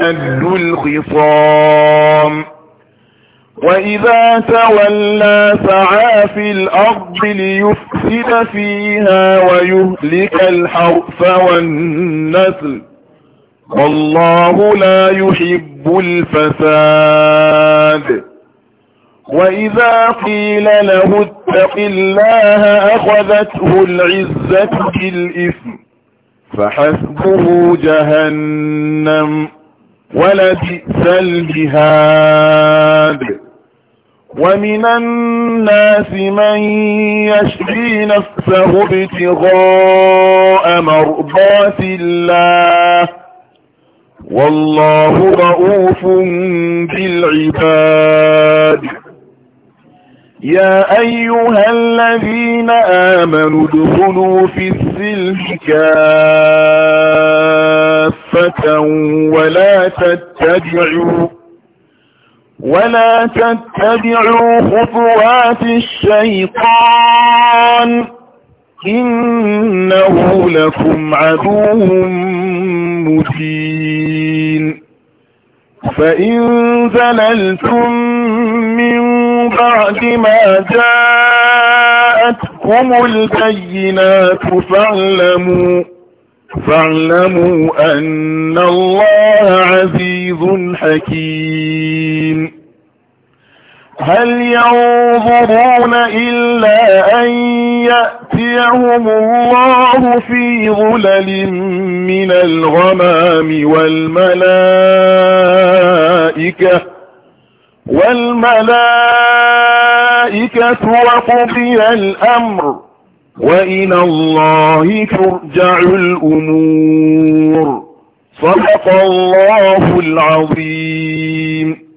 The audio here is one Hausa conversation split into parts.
أدوا الخصام وإذا تولى سعى في الأرض ليفسد فيها ويهلك الحرف والنسل والله لا يحب الفساد وإذا قيل له اتق الله أخذته العزة بالإثم فحسبه جهنم ولبئس الجهاد ومن الناس من يشري نفسه ابتغاء مرضات الله والله رؤوف بالعباد يا أيها الذين آمنوا ادخلوا في السلم كافة كافة ولا تتبعوا ولا تتبعوا خطوات الشيطان إنه لكم عدو مبين فإن زللتم من بعد ما جاءتكم البينات فاعلموا فاعلموا أن الله عزيز حكيم هل ينظرون إلا أن يأتيهم الله في ظلل من الغمام والملائكة والملائكة وقضي الأمر وإلى الله ترجع الأمور صدق الله العظيم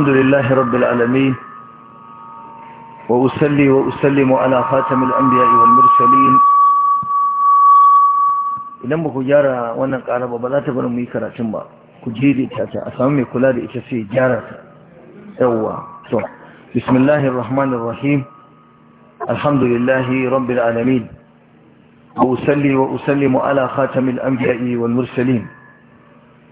الحمد لله رب العالمين وأسلي وأسلم على خاتم الأنبياء والمرسلين idan ba ku gyara wannan ƙara ba ba za ta bari mu yi karatun ba ku jere ta ta a samu mai kula da ita sai gyara ta yawwa to bismillahir rahmanir rahim alhamdulillahi rabbil alamin wa usalli wa usallimu ala khatamil anbiya'i wal mursalin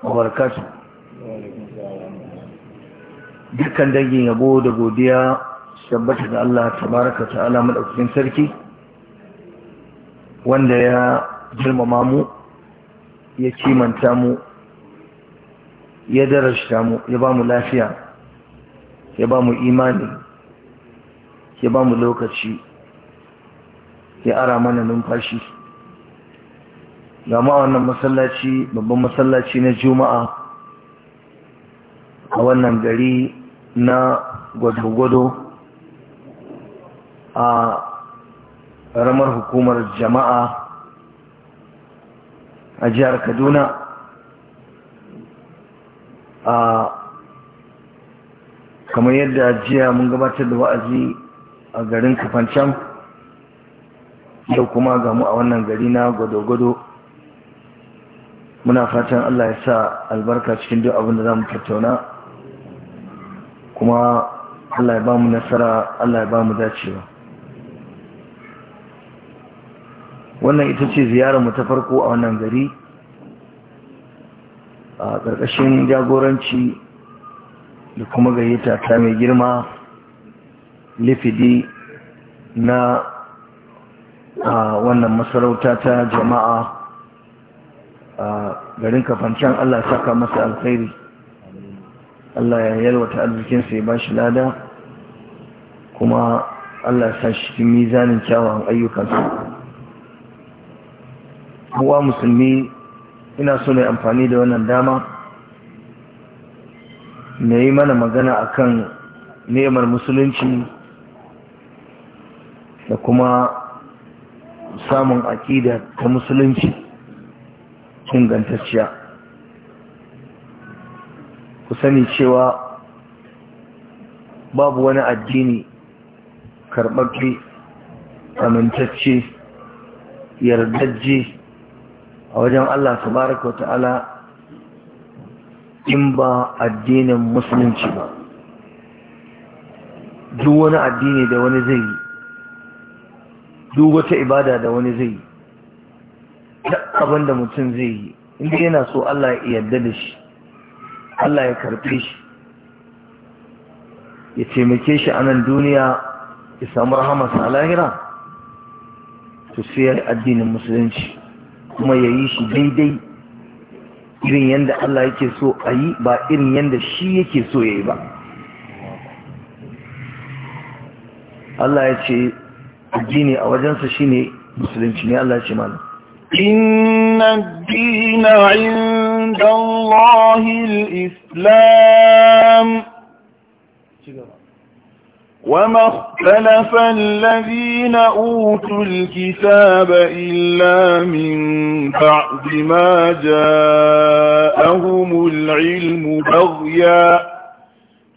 wabarakatu dukkan dangin yabo da godiya tabbata da Allah tabaraka ta'ala madaukakin sarki wanda ya girmama mu ya kimanta mu ya darasta mu ya ba mu lafiya ya ba mu imani ya ba mu lokaci ya ara mana numfashi ga ma wannan masallaci babban masallaci na juma'a a wannan gari na gwado-gwado a ramar hukumar jama'a a jihar kaduna a kamar yadda jiya mun gabatar da wa'azi a garin kafancan yau kuma gamu a wannan gari na gwado-gwado muna fatan Allah ya sa albarka cikin duk abin da za mu tattauna kuma Allah ya ba mu nasara Allah ya ba mu dacewa wannan ita ce ziyararmu ta farko a wannan gari a ƙarƙashin jagoranci da kuma gayyata ta mai girma lifidi na wannan masarauta ta jama'a a garin kafancan Allah saka masa alkhairi Allah ya yalwata arzikinsa ya shi lada kuma Allah sa shi cikin mizanin kyawawan ayyukansu. kowa musulmi ina so na amfani da wannan dama na yi mana magana akan neman musulunci da kuma samun aƙida ta musulunci ingantacciya ku sani cewa babu wani addini karɓaɓɓe amintacce yardajje a wajen Allah tabaraka wa ta'ala in ba addinin musulunci ba duk wani addini da wani zai yi duk wata ibada da wani zai yi abin da mutum zai yi inda yana so Allah ya yarda da shi Allah ya karfe shi ya taimake shi a nan duniya ya samu rahamarsa a lahira to sai ya addinin musulunci kuma ya yi shi daidai irin yadda Allah yake so a yi ba irin yadda shi yake so ya yi ba Allah ya ce addini a wajensa shi ne musulunci ne Allah ya ce malam إن الدين عند الله الإسلام وما اختلف الذين أوتوا الكتاب إلا من بعد ما جاءهم العلم بغيا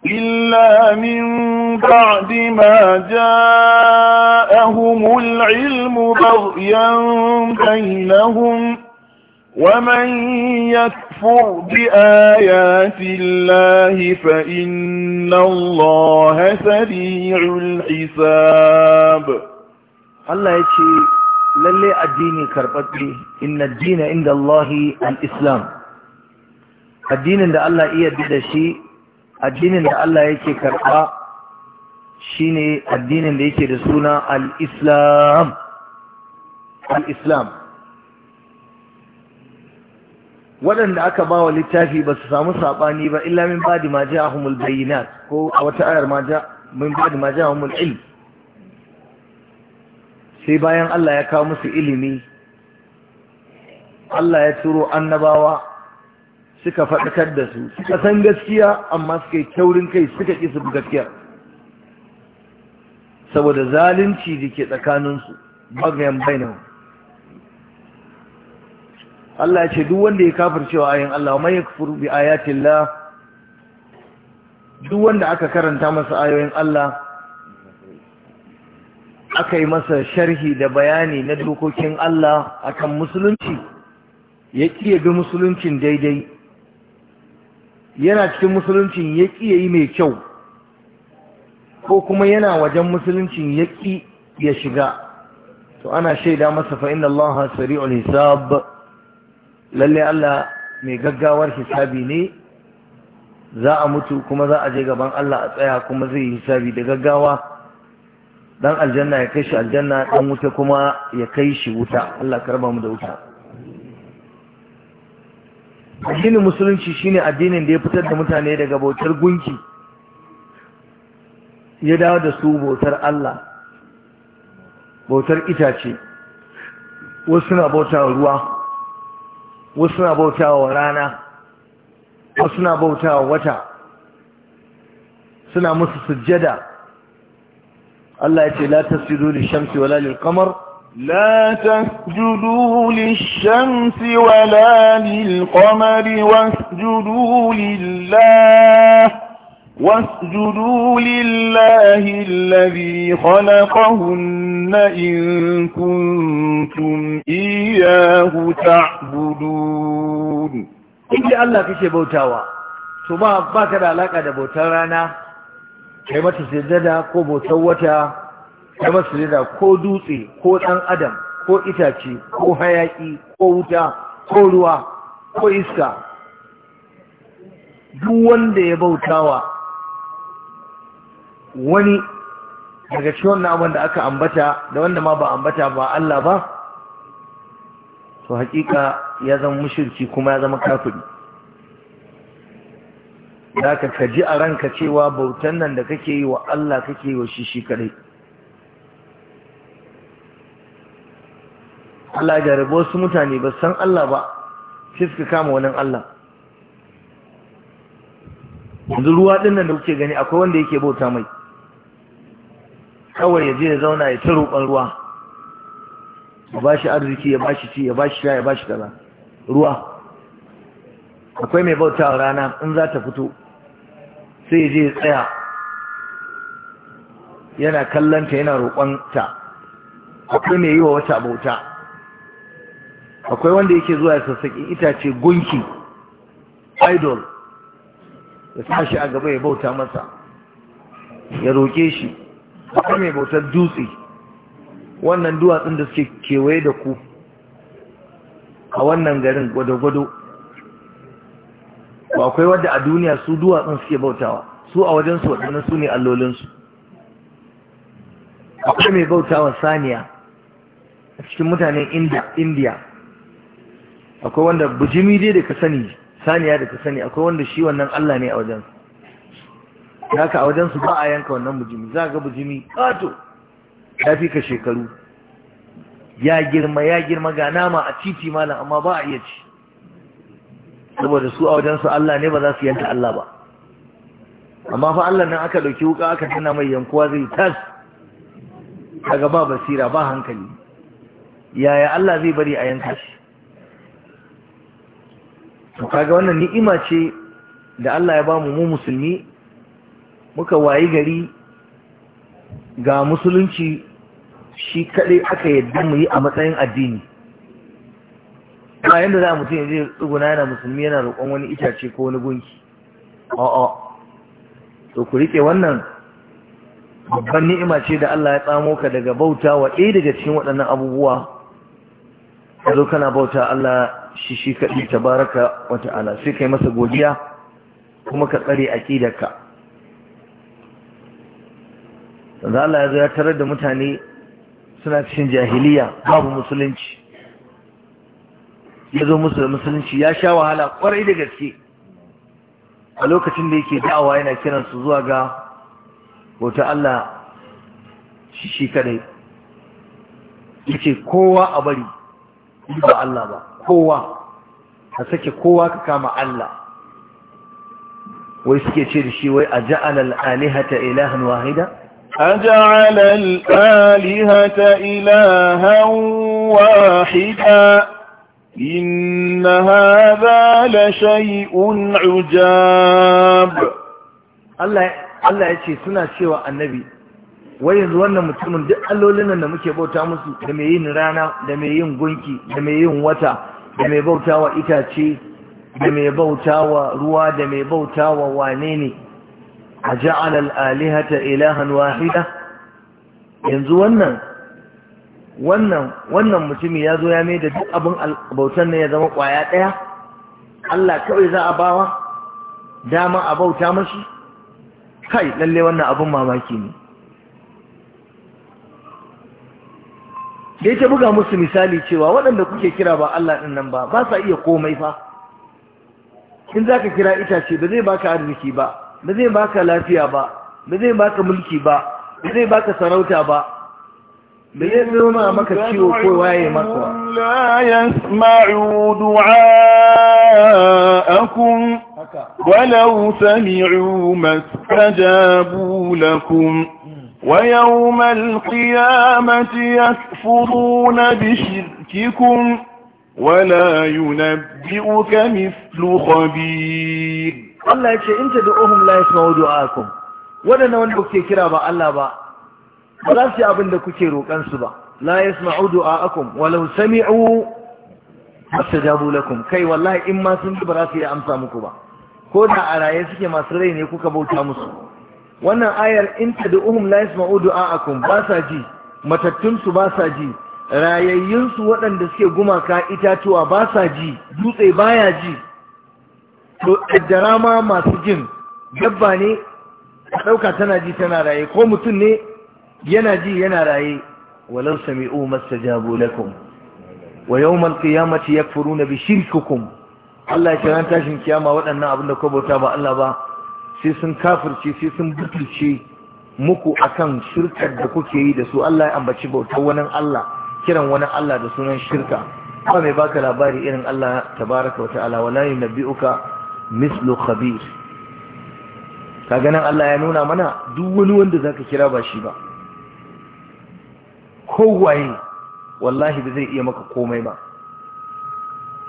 إلا من بعد ما جاءهم العلم بغيا بينهم ومن يكفر بآيات الله فإن الله سريع الحساب الله يشي للي الدين كربتلي إن الدين عند الله الإسلام الدين عند الله إيه بدشي الدين عند الله يشي كربتي shine addinin da yake da suna al-islam al-islam waɗanda aka ba wa littafi ba su samu saɓani ba illa min badi ma ja'ahumul bayyinat ko a wata ayar ma min badi ma ja'ahumul ilm sai bayan Allah ya kawo musu ilimi Allah ya turo annabawa suka faɗakar da su suka san gaskiya amma suka yi taurin kai suka ƙi su gaskiyar saboda zalunci da ke tsakaninsu bagayen bainahu Allah ce duk wanda ya cewa ayin Allah mai yakfuru bi la duk wanda aka karanta masa ayoyin Allah aka yi masa sharhi da bayani na dokokin Allah akan musulunci ya kiye bi musuluncin daidai yana cikin musuluncin ya kiye yi mai kyau ko kuma yana wajen musuluncin yaƙi ya shiga to ana shaida masa fa inna Allah sari'ul hisab lalle Allah mai gaggawar hisabi ne za a mutu kuma za a je gaban Allah a tsaya kuma zai yi hisabi da gaggawa dan aljanna ya kai shi aljanna dan wuta kuma ya kai shi wuta Allah karba mu da wuta addinin musulunci shine addinin da ya fitar da mutane daga bautar gunki ya dawo da su bautar Allah bautar itace wasu suna bauta wa ruwa wasu suna bauta wa rana wasu suna bauta wa wata suna musu sujjada Allah ya ce la tasjudu lishamsi wala lilqamar لا تسجدوا للشمس ولا للقمر واسجدوا لله وَاسْجُدُوا لِلَّهِ الَّذِي خَلَقَهُنَّ إِن كُنتُمْ إِيَّاهُ تَعْبُدُونَ Ibi Allah ka ce bautawa, to ba ba da alaƙa da bautar rana, kai mata ko bautar wata, kai mata ko dutse ko ɗan adam ko itace ko hayaƙi ko wuta ko ruwa ko iska. Duk wanda ya bautawa wani daga cikin wannan abin da aka ambata da wanda ma ba ambata ba Allah ba to hakika ya zama mushirci kuma ya zama kafiri zaka ka kaji a ranka cewa bautan nan da kake yi wa Allah kake yi wa shi shi kadai Allah ya rabo wasu mutane ba san Allah ba sai suka kama wani Allah yanzu ruwa din nan da kuke gani akwai wanda yake bauta mai kawai yaje ya zauna ya ci roƙon ruwa ya ba shi arziki ya ba shi ci ya ba shi sha ya ba shi kaza ruwa akwai mai bauta rana in za ta fito sai ya je ya tsaya yana kallanta yana roƙonta akwai mai yi wa wata bauta akwai wanda yake zuwa ya sassaƙi itace gunki idol ya sa shi a gaba ya bauta masa ya roƙe shi akwai mai bautar dutse wannan duwatsun da suke kewaye da ku a wannan garin gwado-gwado ba akwai wadda a duniya su duwatsun suke bautawa su a wajensu waɗannan su ne allolinsu akwai mai bautawa saniya a cikin mutanen indiya akwai wanda bujimi dai da ka sani saniya da ka sani akwai wanda shi wannan allah ne a wajensu haka a wajensu ba a yanka wannan bujimi za ga bujimi ƙato ya fi ka shekaru ya girma ya girma ga nama a titi malam amma ba a iya ci saboda su a wajensu Allah ne ba za su yanka Allah ba amma fa Allah nan aka ɗauki wuka aka tana mai yankuwa zai tas daga ba basira ba hankali yaya Allah zai bari a yanka shi to kaga wannan ni'ima ce da Allah ya bamu mu musulmi muka wayi gari ga musulunci shi kaɗai aka yadda mu yi a matsayin addini bayan da za a mutum ya zai tsuguna yana musulmi yana roƙon wani itace ko wani gunki a'a to ku riƙe wannan babban ni'ima ce da Allah ya tsamo ka daga bauta wa ɗaya daga cikin waɗannan abubuwa zo kana bauta Allah shi shi kaɗi tabaraka wata'ala sai kai masa godiya kuma ka tsare aƙidarka da Allah ya zo ya tarar da mutane suna cikin jahiliya babu musulunci ya zo musu da musulunci ya sha wahala kwarai da gaske a lokacin da yake da'awa yana kiran su zuwa ga wata Allah shi shi kadai yake kowa a bari ba Allah ba kowa ka sake kowa ka kama Allah wai suke ce da shi wai a ja'alal alihata ilahan wahida أجعل الآلهة إلها واحدا إن هذا لشيء عجاب الله Allah ya ce suna cewa annabi wai yanzu wannan mutumin duk allolin da muke bauta musu da mai yin rana da mai yin gunki da mai yin wata da mai bautawa itace da mai bautawa ruwa da mai bautawa wane ne a ja'alal alihata ilahan wahida yanzu wannan wannan mutumi ya zo ya mai da duk abin bautan ne ya zama kwaya ɗaya Allah kawai za a bawa dama a bauta mashi kai lalle wannan abin mamaki ne da ta buga musu misali cewa waɗanda kuke kira ba Allah din nan ba ba sa iya komai fa in zaka ka kira itace ba zai baka arziki ba ba zai baka lafiya ba ba zai baka mulki ba ba zai baka sarauta ba ba zai noma maka ciwo ko waye maka la yasma'u du'aakum ولو سمعوا ما استجابوا ويوم القيامة يكفرون بشرككم ولا ينبئك مثل خبير Allah ya ce in tad'uhum mawudu a du'akum waɗanda wanda kuke kira ba Allah ba ba za su yi abin da kuke roƙan su ba la yasma'u du'akum walau sami'u fastajabu lakum kai wallahi in ma sun ba za su yi amsa muku ba ko da a raye suke masu rai ne kuka bauta musu wannan ayar in tad'uhum mawudu a du'akum ba sa ji matattun su ba sa ji rayayyunsu su waɗanda suke gumaka itatuwa ba sa ji dutse baya ji to kaddara ma masu jin dabba ne a ɗauka tana ji tana raye ko mutum ne yana ji yana raye walau sami'u mastajabu lakum wa ya furu na bi shirkukum Allah ya ce ran tashin kiyama waɗannan abin da bauta ba Allah ba sai sun kafirce sai sun butulce muku akan shirkar da kuke yi da su Allah ya ambaci bautar wani Allah kiran wani Allah da sunan shirka ba mai baka labari irin Allah tabaraka wa ta'ala wala yunabbi'uka mislu khabir ka ganin Allah ya nuna mana duk wani wanda zaka kira ba shi ba kowaye wallahi ba zai iya maka komai ba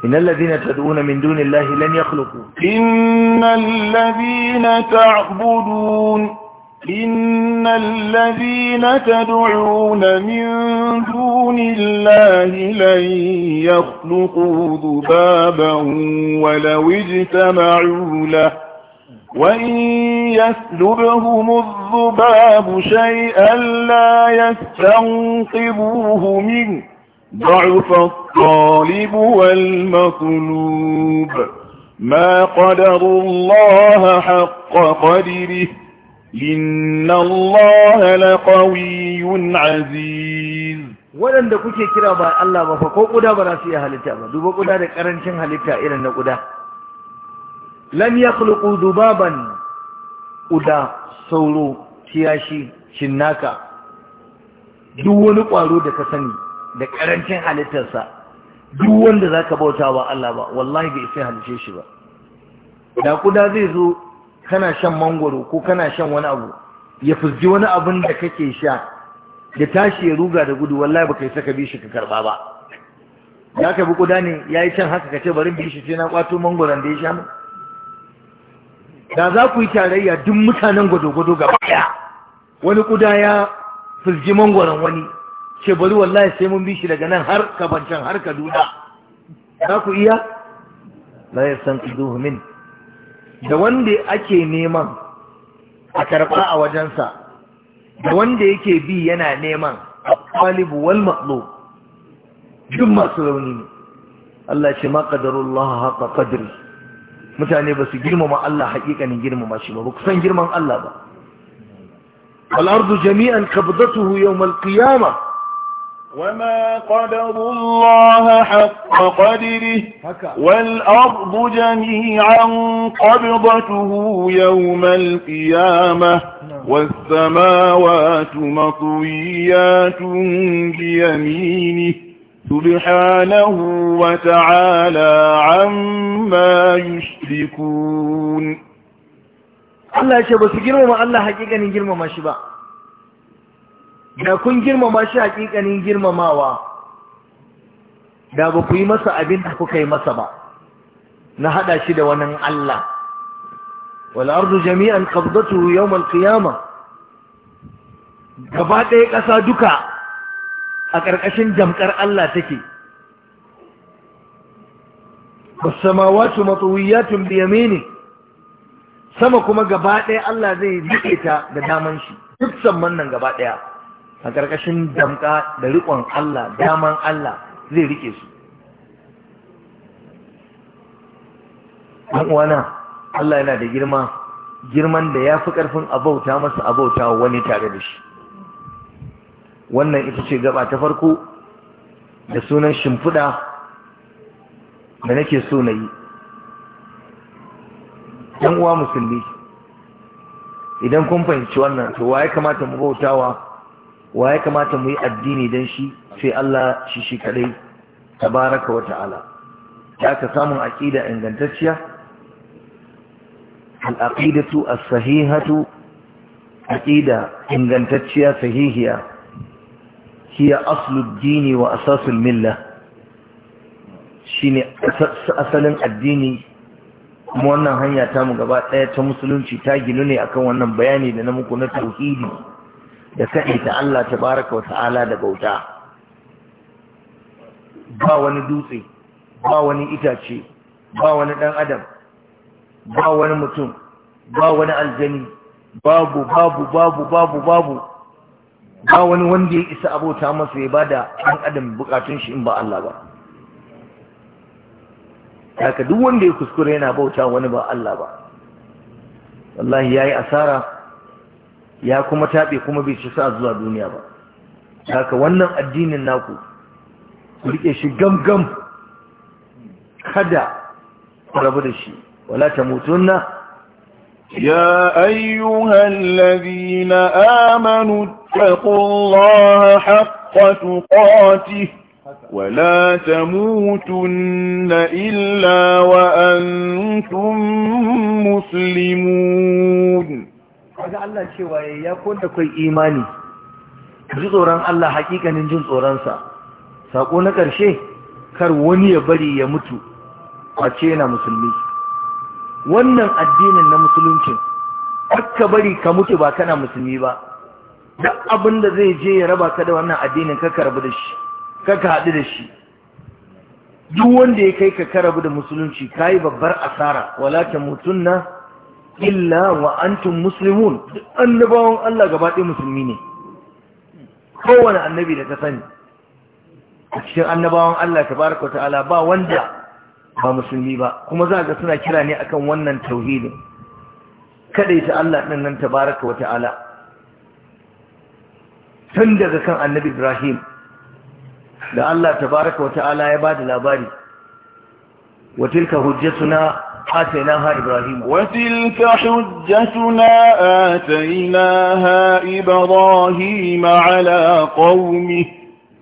إن الذين تدعون من دون الله لن يخلقوا إن الذين تعبدون إن الذين تدعون من دون الله لن يخلقوا ذبابا ولو اجتمعوا له وإن يسلبهم الذباب شيئا لا يستنقبوه منه ضعف الطالب والمطلوب ما قدر الله حق قدره إن الله لقوي عزيز waɗanda kuke kira ba Allah ba fa ko ƙuda ba su iya halitta ba duba ƙuda da ƙarancin halitta irin na ƙuda lam yakhluqu dubaban ƙuda sauro kiyashi cinnaka duk wani ƙwaro da ka sani da ƙarancin halittarsa duk wanda zaka bauta ba Allah ba wallahi bai sai halice shi ba da ƙuda zai zo kana shan mangoro ko kana shan wani abu ya fuzgi wani abin da kake sha ya tashi ya ruga da gudu wallahi baka saka bi shi ka karba ba ya ka bi kuda ne ya yi can haka ka ce bari bi shi sai na kwato mangoron da ya sha min? da za ku yi tarayya duk mutanen gwado-gwado gaba daya wani kuda ya fuzgi mangoron wani ce bari wallahi sai mun bi shi daga nan har kabancan har ka duna za ku iya la yastanqiduhu min da wanda ake neman a karɓa a wajensa da wanda yake bi yana neman a ƙwalibu wal matlo duk masu rauni Allah ce ma haka ƙadiri mutane ba su girmama Allah haƙiƙanin girmama shi ba ba kusan girman Allah ba al'ardu jami'an kabdatuhu yau malƙiyama وما قدر الله حق حق قدره والأرض جميعا قبضته يوم القيامة نعم. والسماوات مطويات بيمينه سبحانه وتعالى عما يشركون الله يشهد بس جرم ما الله حقيقة نجرم ما شبه لكن جرم ما شهد حقيقة نجرم ما واه da ba ku yi masa abin da kuka yi masa ba na hada shi da wani Allah wal ardu jami'an qabdatu yawm al qiyama gaba ɗaya ƙasa duka a ƙarƙashin jamkar Allah take wasu matwiyatun bi yamini. sama kuma gaba ɗaya Allah zai riƙe ta da daman shi duk samman nan gaba ɗaya a ƙarƙashin damƙa da riƙon Allah daman Allah zai rike su uwana Allah yana da girma girman da ya fi ƙarfin abauta masa abauta wani tare da shi wannan ita ce gaba ta farko da sunan shimfiɗa da nake so na yi uwa musulmi idan kun fahimci wannan to wa ya kamata mu bautawa wa ya kamata mu yi addini don shi sai Allah shi shi kadai tabaraka wa ta'ala ta ka samun aqida ingantacciya al aqidatu as-sahihatu aqida ingantacciya sahihiya hiya aslu ad-dini wa asasul milla shine asalin addini kuma wannan hanya ta mu gaba ɗaya ta musulunci ta ginu ne akan wannan bayani da na muku na tauhidi da kaɗe ta Allah ta baraka wa ta'ala da bauta ba wani dutse ba wani itace ba wani ɗan adam ba wani mutum ba wani aljani babu babu babu babu babu ba wani wanda ya isa abota masa ya bada ɗan adam bukatun shi in ba Allah ba haka duk wanda ya kuskure yana bauta wani ba Allah ba wallahi yayi asara ya kuma taɓe kuma bai ci sa zuwa duniya ba haka wannan addinin naku ku riƙe shi gamgam kada ku rabu da shi wala ta mutunna يا أيها الذين آمنوا اتقوا الله حق تقاته ولا تموتن إلا وأنتم مسلمون kaga Allah cewa ya da kai imani ji tsoron Allah hakikanin jin tsoronsa sako na ƙarshe kar wani ya bari ya mutu kwace yana musulmi wannan addinin na musulunci ka bari ka mutu ba kana musulmi ba duk abin da zai je ya raba ka da wannan addinin ka karbi da shi ka haɗu da shi duk wanda ya kai ka karabu da musulunci ka babbar asara walakin mutunna illa wa antum muslimun annabawan Allah gaba ɗaya musulmi ne kowane annabi da ka sani a cikin annabawan Allah tabaraka ta'ala ba wanda ba musulmi ba kuma za ga suna kira ne akan wannan tauhidin kada ta Allah din nan tabaraka ta'ala tun daga kan annabi Ibrahim da Allah tabaraka ta'ala ya ba da labari wa tilka hujjatuna آتيناها إبراهيم وتلك حجتنا آتيناها إبراهيم على قومه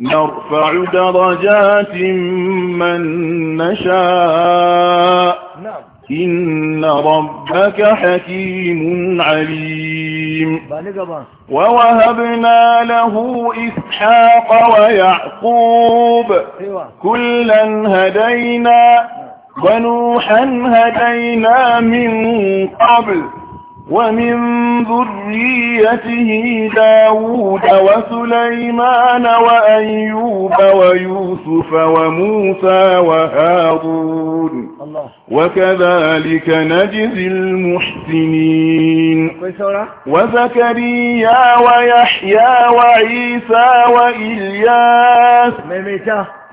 نرفع درجات من نشاء نعم. إن ربك حكيم عليم ووهبنا له إسحاق ويعقوب أيوة. كلا هدينا ونوحا هدينا من قبل ومن ذريته داود وسليمان وأيوب ويوسف وموسى وهارون وكذلك نجزي المحسنين وزكريا ويحيى وعيسى وإلياس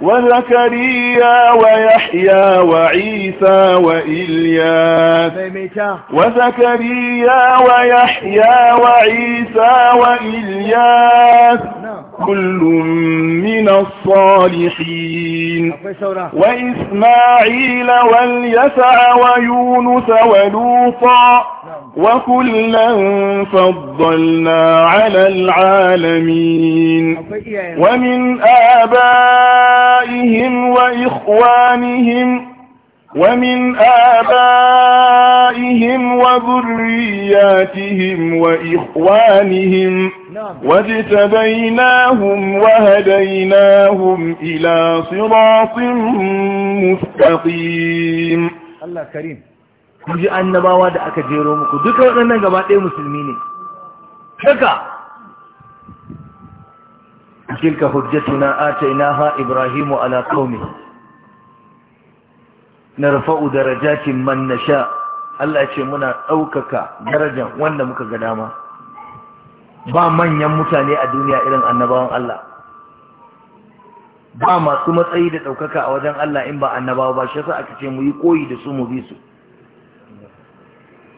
وزكريا ويحيى وعيسى وإلياس وزكريا ويحيى وعيسى وإلياس كل من الصالحين وإسماعيل واليسع ويونس ولوطا وكلا فضلنا على العالمين ومن آبائهم وإخوانهم ومن آبائهم وذرياتهم وإخوانهم واجتبيناهم وهديناهم إلى صراط مستقيم الله كريم kun ji annabawa da aka jero muku duka waɗannan gaba ɗaya musulmi ne haka tilka hujjatuna atainaha ibrahimu ala qaumi narfa'u درجات man nasha, Allah ce muna ɗaukaka darajar wanda muka ga dama ba manyan mutane a duniya irin annabawan Allah ba masu matsayi da ɗaukaka a wajen Allah in ba annabawa ba shi yasa aka ce mu yi koyi da su mu bi su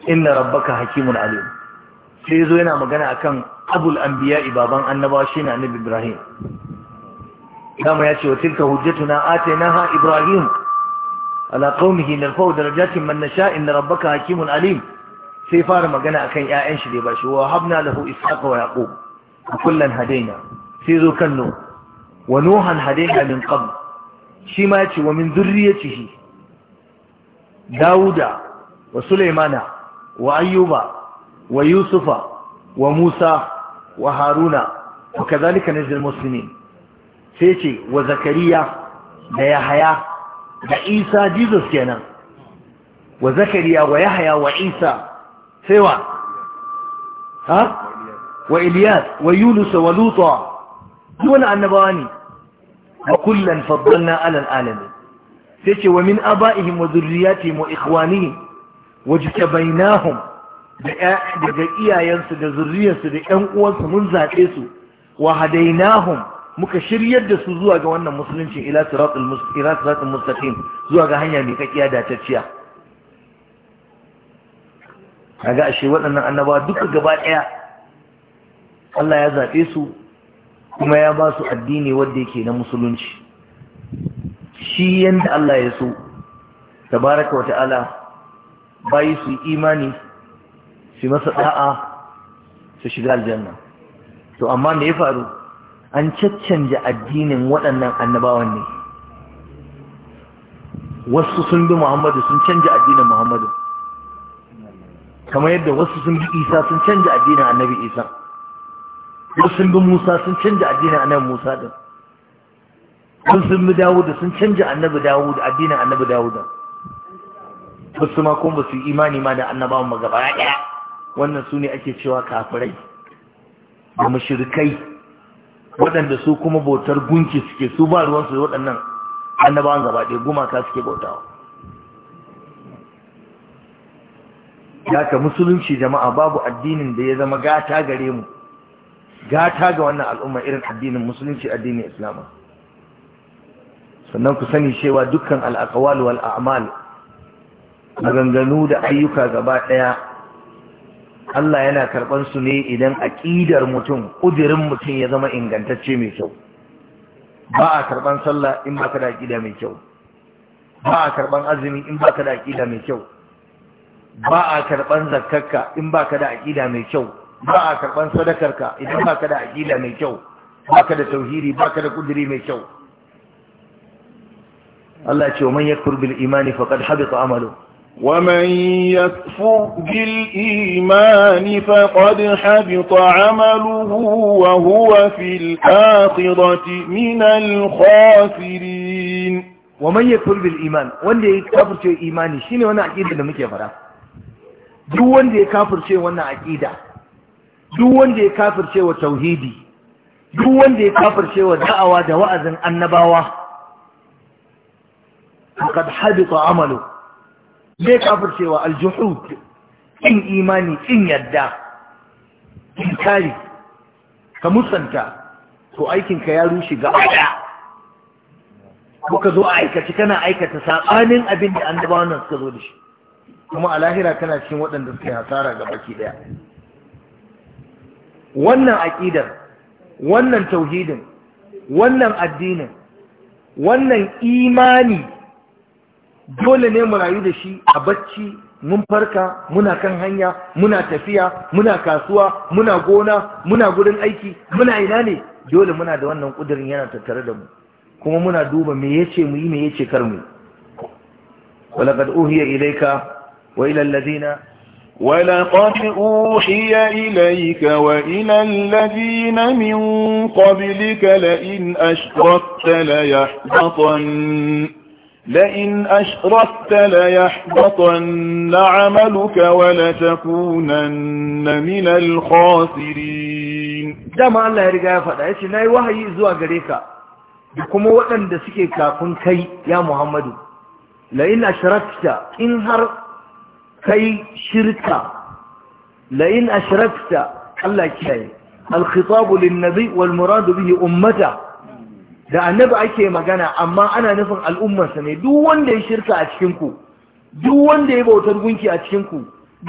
inna rabbaka hakimun alim sai yazo yana magana akan abul anbiya baban annabawa shine annabi ibrahim ya yace wa tilka hujjatuna atainaha ibrahim ala qaumihi narfa'u darajatin man nasha inna rabbaka hakimun alim sai fara magana akan ƴaƴan shi da ba shi wa habna lahu ishaqa wa yaqub kullan hadaina sai zo kan nu wa nuhan hadaina min qabl shi ma yace wa min dhurriyyatihi wa sulaimana wa ayyuba wa yusufa wa musa wa haruna wa kazalika najzil muslimin sai ce wa zakariya da yahaya da isa jesus kenan wa zakariya wa yahaya wa isa sai wa ha wa wa yunus wa luta annabawa ne wa kullan faddalna ala alamin wa min aba'ihim wa dhurriyyatihim wa wajtabainahum daga iyayensu da zurriyarsu da ƴan uwansu mun zaɓe su wa hadainahum muka shiryar da su zuwa ga wannan musulunci ila siratul mustaqim zuwa ga hanya mai kakkiya datacciya kaga ashe waɗannan annabawa duka gaba ɗaya Allah ya zaɓe su kuma ya ba su addini wanda yake na musulunci shi yanda Allah ya so tabaraka wa ta'ala bayi su imani su masa da'a su shiga aljanna to amma me ya faru an caccanja addinin waɗannan annabawan ne wasu sun bi muhammadu sun canja addinin muhammadu kamar yadda wasu sun bi isa sun canja addinin annabi isa wasu sun bi musa sun canja addinin annabi musa din wasu sun bi dawuda sun canja annabi dawuda addinin annabi dawuda wasu ma kuma ba su yi imani ma da annabawan ba gaba ɗaya wannan su ne ake cewa kafirai da mashirikai waɗanda su kuma bautar gunki suke su ba ruwansu waɗannan annabawan gaba ɗaya gumaka suke bautawa Ya ka musulunci jama'a babu addinin da ya zama gata gare mu gata ga wannan al'umma irin addinin musulunci addinin islamu, sannan ku sani cewa dukkan al'akawal wal a'mal maganganu da ayyuka gaba ɗaya Allah yana karɓar su ne idan aƙidar mutum ƙudirin mutum ya zama ingantacce mai kyau ba a karɓar sallah in ba ka da aƙida mai kyau ba a karɓar azumi in ba ka da aƙida mai kyau ba a karɓar zakarka in ba ka da aƙida mai kyau ba a karɓar sadakarka idan ba ka da aƙida mai kyau ba ka da tauhiri ba ka da ƙudiri mai kyau Allah ce wa man yakfur bil imani faqad habita amalu ومن يكفر بالإيمان فقد حبط عمله وهو في الآخرة من الخاسرين ومن يكفر بالإيمان wanda ya kafirce imani shine wannan aqida da muke fara duk wanda ya kafirce wannan aqida duk wanda ya kafirce wa tauhidi duk wanda ya kafirce wa da'awa da wa'azin annabawa faqad zai kafircewa aljuhud in imani in yadda In kare ka musanta to aikinka ya rushe ga ɗaya ko ka zo a aikace kana aikata saɓanin abin da annabawan nan suka zo da shi kuma a lahira kana cikin waɗanda suka yi hasara ga baki ɗaya wannan aƙidar wannan tauhidin wannan addinin wannan imani dole ne mu rayu da shi a bacci mun farka muna kan hanya muna tafiya muna kasuwa muna gona muna gurin aiki muna ina ne dole muna da wannan kudirin yana tattare da mu kuma muna duba me yace mu yi me yace kar mu ولقد أوهي إليك وإلى الذين ولقد أوحي إليك وإلى الذين من قبلك لئن أشركت ليحبطن لئن أشركت ليحبطن عملك ولتكونن من الخاسرين دم الله رجاء فتح يسينا وهي إزوى قريكا بكم وقن دسكيكا كن كي يا محمد لئن أشركت انهر كي شركا لئن أشركت الله كي الخطاب للنبي والمراد به أمته da annabi ake magana amma ana nufin al'ummarsa ne duk wanda ya shirka a cikinku duk wanda ya bautar gunki a cikinku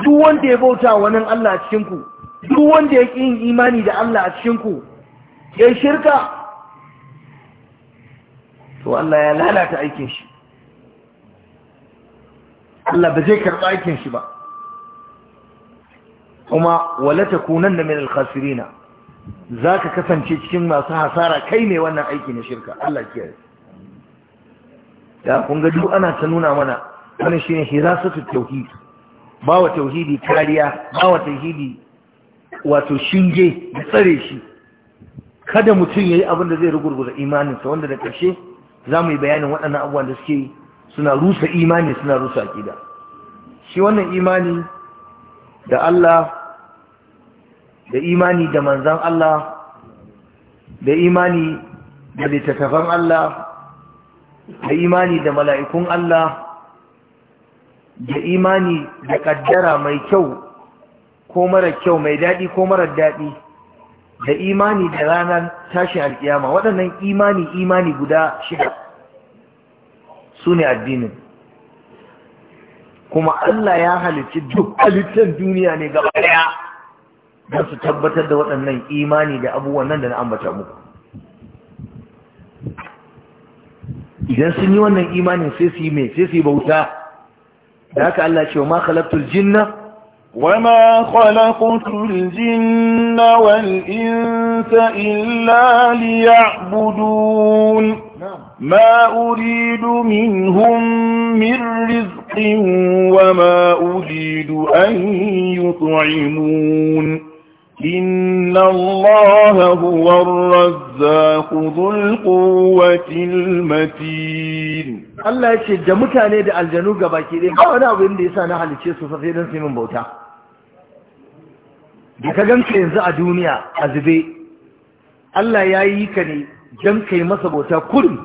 duk wanda ya bauta wani Allah a cikinku duk wanda ya yin imani da Allah a cikinku ya shirka to Allah ya lalata aikin shi Allah ba zai karɓi aikin shi ba kuma wala takunanna min al-khasirina za ka kasance cikin masu hasara kai ne wannan aiki na shirka Allah yi da kun ga duk ana ta nuna mana shi ne hira su Tauhidi. ba wa tauhidi kariya ba wa tauhidi wato shinge da tsare shi kada mutum ya yi abin da zai rugurguza imaninsa wanda da ƙarshe za mu yi bayanin waɗannan abubuwan da suke suna rusa imani suna rusa akida shi wannan imani da Allah da imani da manzan Allah da imani da littattafan Allah da imani da mala'ikun Allah da imani da ƙaddara mai kyau ko mara kyau mai daɗi ko mara daɗi da imani da ranar tashin alƙiyama waɗannan imani imani guda shida su ne addinin kuma Allah ya halittu duk halittar duniya ne gaba ɗaya don su tabbatar da waɗannan imani da abubuwan nan da na ambata muku idan sun yi wannan imanin sai su yi mai sai su yi bauta da haka Allah ce wa ma khalaqtul jinna wa ma khalaqtul jinna wal insa illa liya'budun ما أريد منهم من رزق وما أريد أن يطعمون إن الله هو الرزاق ذو القوة المتين Allah ya ce da mutane da aljanu gabaki ɗaya ba wani abin da yasa na halice su fa sai dan bauta da ka ganka yanzu a duniya a zube Allah ya yi ka ne dan kai masa bauta kurum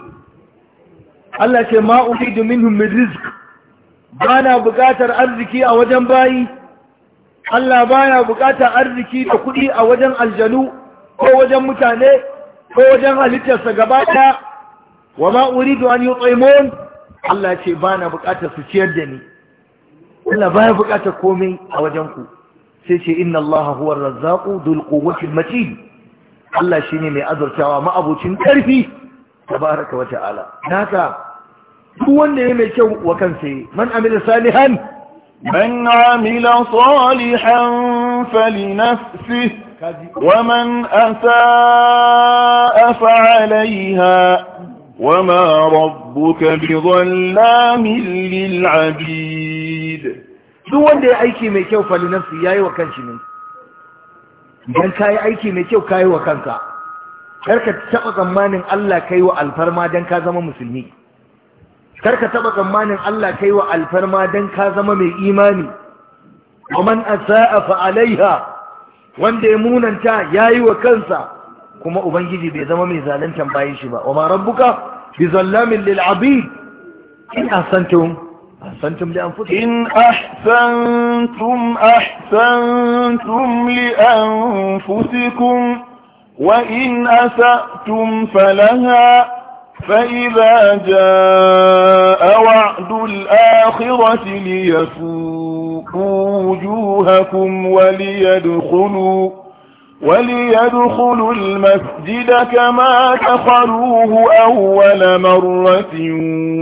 Allah ce ma uridu minhum min rizq bana buƙatar arziki a wajen bayi Allah baya bukatar arziki da kuɗi a wajen aljanu ko wajen mutane ko wajen halittarsa gaba ɗaya wa ma uridu an yutaimun Allah ce bana buƙatar su ciyar da ni Allah baya bukatar komai a wajen ku sai ce inna Allah huwa razzaku razzaqu dhul quwwati matin Allah shine mai azurtawa ma'abucin karfi tabaraka wa ta'ala naka duk wanda ya mai kyau wa kansa man amila salihan من عمل صالحا فلنفسه ومن أساء فعليها وما ربك بظلام للعبيد دو وانده ايكي ميكيو فلنفسي ياي وكانش من من كاي ايكي ميكيو كاي وكانكا هركت شقق مانن الله كيو الفرما جنكا زمان مسلمي karka taba tsammanin Allah kai wa alfarma don ka zama mai imani ومن أساء فعليها wanda ya munanta yayi wa kansa kuma ubangiji bai zama mai zaluntan bayin shi ba wama rabbuka bi zallamin lil abid in ahsantum ahsantum li anfusikum in ahsantum ahsantum li anfusikum wa in asa'tum falaha فإذا جاء وعد الآخرة ليفوقوا وجوهكم وليدخلوا وليدخلوا المسجد كما دخلوه أول مرة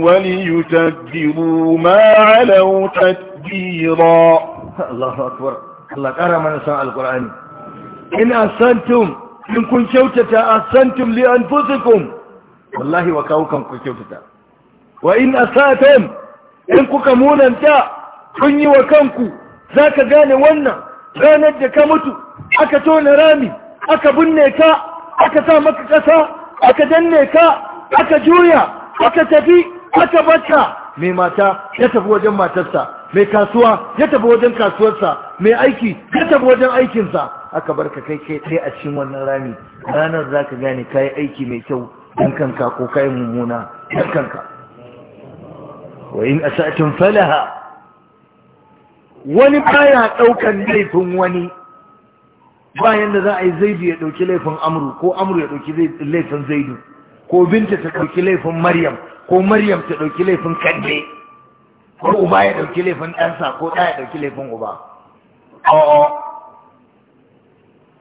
وليتبروا ما علوا تتبيرا الله أكبر الله أرى من ساء القرآن إن أحسنتم إن كنت شوتة أحسنتم لأنفسكم wallahi wa kawukan ku kyautata wa in asatam in kuka munanta kun yi wa kanku zaka gane wannan ranar da ka mutu aka tona rami aka binne ka aka sa maka kasa aka danne ka aka juya aka tafi aka bata mai mata ya tafi wajen matarsa mai kasuwa ya tafi wajen kasuwarsa mai aiki ya tafi wajen aikinsa aka bar ka kai kai a cikin wannan rami ranar za ka gane ka aiki mai kyau Dankanka kanka ko kai mummuna dankanka. kanka wa in asatun falaha wani baya daukan laifin wani bayan da za a yi zaidu ya dauki laifin amru ko amru ya dauki laifin zaidu ko binta ta dauki laifin maryam ko maryam ta dauki laifin kande ko uba ya dauki laifin ɗansa ko ɗa ya dauki laifin uba a'a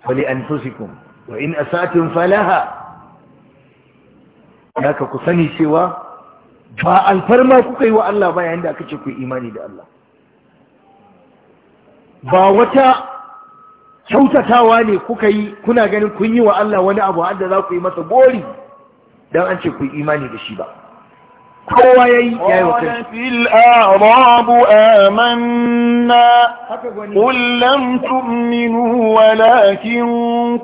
wali anfusikum wa in asatun falaha ka ku sani cewa ba alfarma kuka yi wa Allah ba yayin da aka ce ku imani da Allah ba wata kyautatawa ne kuka yi kuna ganin kun yi wa Allah wani abu har za ku yi masa gori don an ce ku imani da shi ba في الأعراب آمنا قل لم تؤمنوا ولكن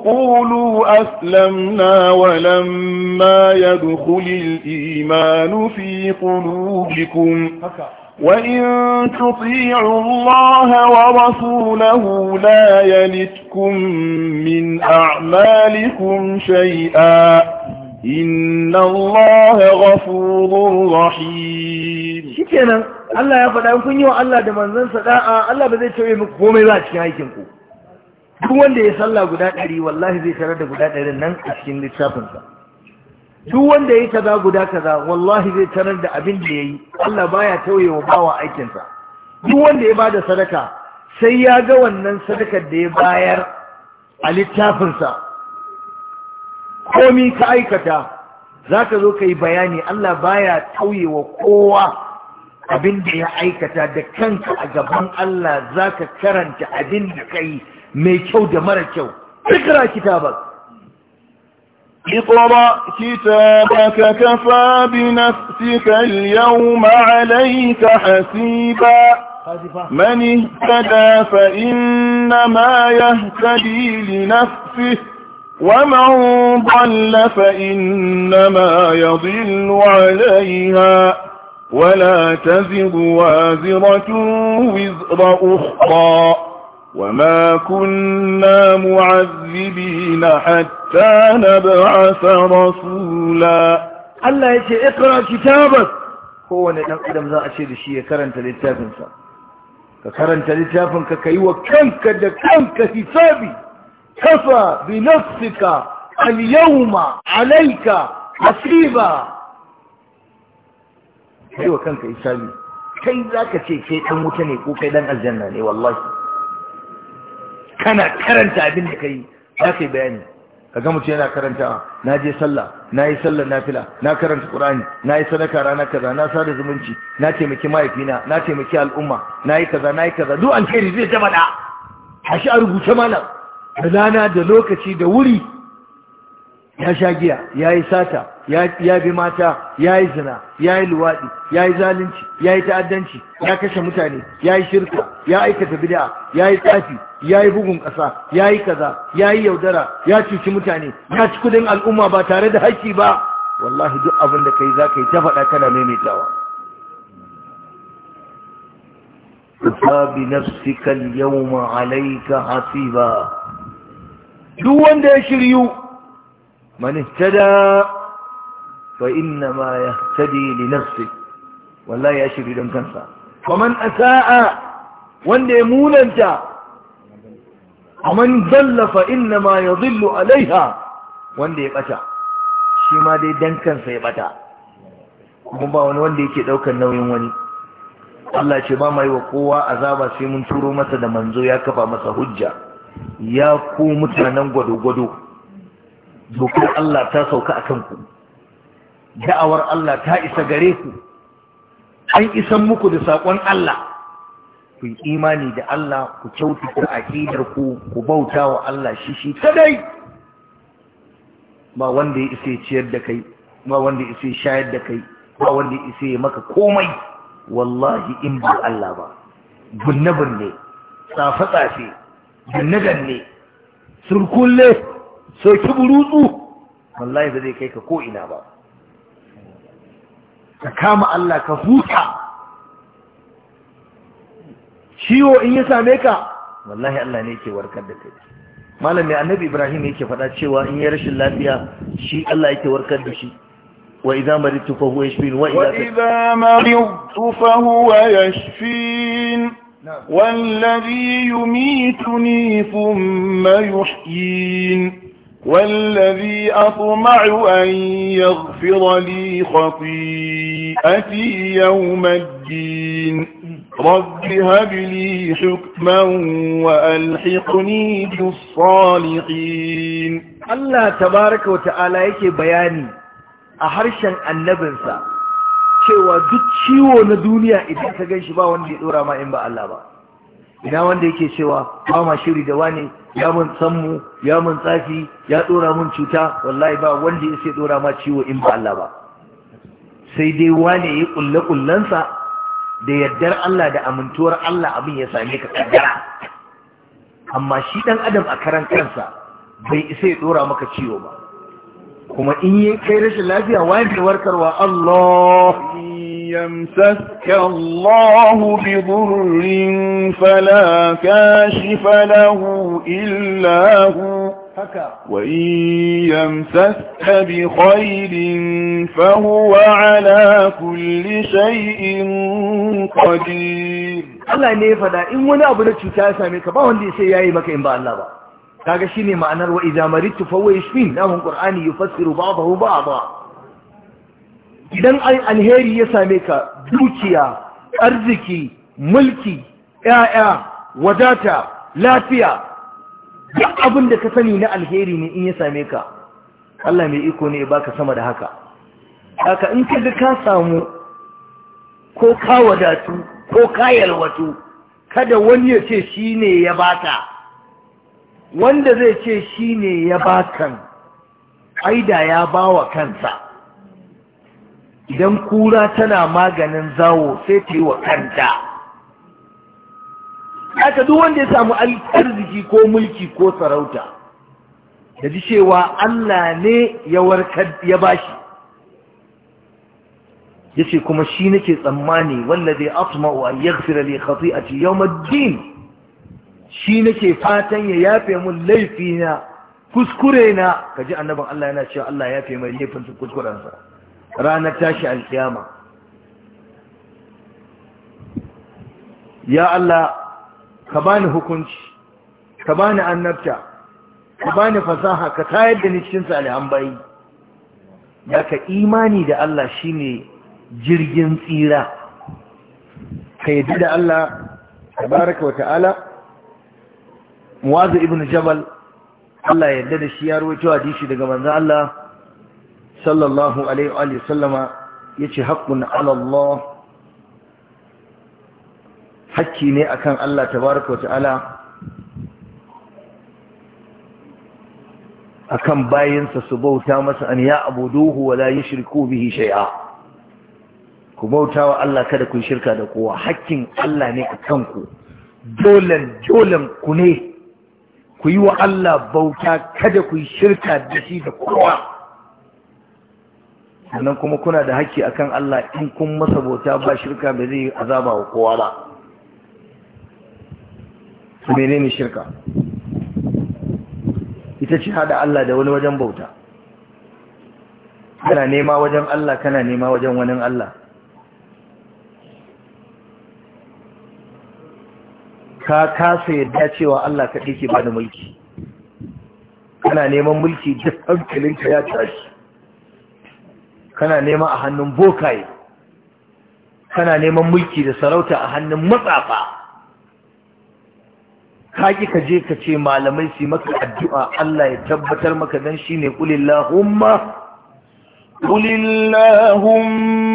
قولوا أسلمنا ولما يدخل الإيمان في قلوبكم وإن تطيعوا الله ورسوله لا يلتكم من أعمالكم شيئا إن Allah غفور رحيم شكرا Allah ya faɗa kun yi wa Allah da manzansa da'a Allah ba zai tauye muku komai a cikin aikin ku duk wanda ya sallah guda ɗari wallahi zai tarar da guda ɗarin nan a cikin littafinsa duk wanda ya kaza guda kaza wallahi zai tarar da abin da ya yi Allah baya tauye wa bawa aikinsa duk wanda ya bada sadaka sai ya ga wannan sadakar da ya bayar a littafinsa komi ka aikata za ka zo kai bayani Allah baya tauye wa kowa abin da ya aikata da kanka a gaban Allah za ka karanta abin da ka mai kyau da mara kyau ikra kitabar اقرأ كتابك كفى بنفسك اليوم عليك حسيبا من اهتدى فإنما يهتدي لنفسه ومن ضل فإنما يضل عليها ولا تزر وازرة وزر أخرى وما كنا معذبين حتى نبعث رسولا الله يتي اقرأ كتابك هو نحن قدم ذا أشير الشيء كرنت للتافنسا كرنت للتافنك كيوة كنك دا كنك حسابي كفى بنفسك اليوم عليك حسيبا ايوه كانك إسالي كي ذاك شيء شيء أموتني وكي لن أزنني والله kana karanta abin da kai za ka yi bayani Kaga ga mutum yana karanta, na je sallah na yi sallar nafila na karanta qur'ani na yi sadaka rana kaza na sada zumunci na taimaki mahaifina na taimaki al'umma na yi kaza na yi kaza duk alheri zai ta faɗa a shi a rubuce malam da da lokaci da wuri ya sha giya ya yi sata ya bi mata ya yi zina ya yi luwaɗi ya yi zalunci ya yi ta'addanci ya kashe mutane ya yi shirka ya aikata bid'a ya yi tsafi ya yi bugun ƙasa ya yi kaza ya yi yaudara ya cuci mutane ya ci kudin al'umma ba tare da haƙƙi ba wallahi duk abin da kai za ka yi ta faɗa kana maimaitawa fa bi nafsika al-yawma alayka hasiba duk wanda ya shiryu man ihtada fa inna ma yahtadi li nafsi wallahi ya shiryu don kansa wa man asaa wanda ya munanta man dalla fa inna ma yadhillu alaiha wanda ya bata shi ma dai dan kansa ya bata kuma ba wani wanda yake daukar nauyin wani Allah ce ba mai wa kowa azaba sai mun turo masa da manzo ya kafa masa hujja ya ku mutanen gwado-gwado dokar Allah ta sauka a kanku da'awar Allah ta isa gare ku an isan muku da saƙon Allah ku yi imani da Allah ku a aƙidar ku ku bauta wa Allah shi shi kadai ba wanda ya isa ciyar da kai ba wanda ya isa shayar da kai ba wanda ya isa maka komai wallahi in ba Allah ba bunne bunne tsafe tsafe danne-danne surkulle soki burutsu wallahi ba zai kai ka ko'ina ba ka kama Allah ka huta ciwo in ya same ka wallahi Allah ne ke warkar da kai malam mai annabi ibrahim yake faɗa cewa in ya rashin lafiya shi Allah yake warkar da shi وإذا مرضت فهو يشفين وإذا, وإذا مرضت فهو يشفين نعم. والذي يميتني ثم يحيين والذي أطمع أن يغفر لي خطيئتي يوم الدين رب هب لي حكما وألحقني بالصالحين الله تبارك وتعالى يكي بياني أحرشا النبنسا cewa duk ciwo na duniya idan ka gan shi ba wanda ya dora ma in ba Allah ba ina wanda yake cewa ba ma shiri da wani ya mun san mu ya mun tsafi ya dora mun cuta wallahi ba wanda yake dora ma ciwo in ba Allah ba sai dai wani ya kulle kullansa da yaddar Allah da amintuwar Allah abin ya same ka kaddara amma shi dan adam a karan kansa bai isa ya dora maka ciwo ba kuma in yi kai rashin lafiya wani warkarwa Allah yamsaska Allah bi durrin fala kashifa lahu illa hu wa yamsaska bi khairin fa huwa ala kulli shay'in qadir Allah ne ya fada in wani abu na cuta ya same ka ba wanda ya sai yayi maka in ba Allah ba kaga shine ma'anar wa idza maritu fa huwa yashfin lahum qur'ani yufassiru ba'dahu ba'dha idan ai alheri ya same ka dukiya arziki mulki ƴaƴa wadata lafiya duk abin da ka sani na alheri ne in ya same ka Allah mai iko ne ya baka sama da haka haka in kaga ka samu ko ka wadatu ko ka yalwatu kada wani ya ce shine ya baka wanda zai ce shi ne ya ba kan aida ya ba wa kansa idan kura tana maganin zawo sai ta yi wa kanta aka duk wanda ya samu arziki ko mulki ko sarauta da ji cewa Allah ne ya warkar ya bashi yace kuma shi nake tsammani wallazi asma'u wa yaghfira li khati'ati yawm shi nake fatan ya yafe mun laifi na kuskure na kaji annabin Allah yana cewa Allah ya yafe mai laifin kuskurensa ranar tashi alkiyama ya Allah ka bani hukunci ka bani annabta ka bani fasaha ka tayar da ni cikin salihan bayi da ka imani da Allah shine jirgin tsira ka yi da Allah tabaraka wa ta'ala muwazu ibn jabal Allah ya yarda da shi ya rawaito hadisi daga manzon Allah sallallahu alaihi wa sallama yace haqqun ala Allah hakki ne akan Allah tabaraka wa ta'ala akan bayinsa su bauta masa an ya abuduhu wa la yushriku bihi shay'a ku bauta wa Allah kada ku shirka da kowa hakkin Allah ne akan ku dolan dolan ku ne ku yi wa Allah bauta kada ku yi shirka da shi da kowa sannan kuma kuna da haƙƙi akan Allah in kun masa bauta ba shirka ba zai azaba wa kowa ba menene shirka ita ce hada Allah da wani wajen bauta kana nema wajen Allah kana nema wajen wani Allah ka kasa yadda cewa Allah ka kaɗai ke da mulki kana neman mulki duk hankalinka ya tashi kana neman a hannun bokaye kana neman mulki da sarauta a hannun matsafa kaki ka je ka ce malamai su maka addu'a Allah ya tabbatar maka dan shine qulillahumma qulillahumma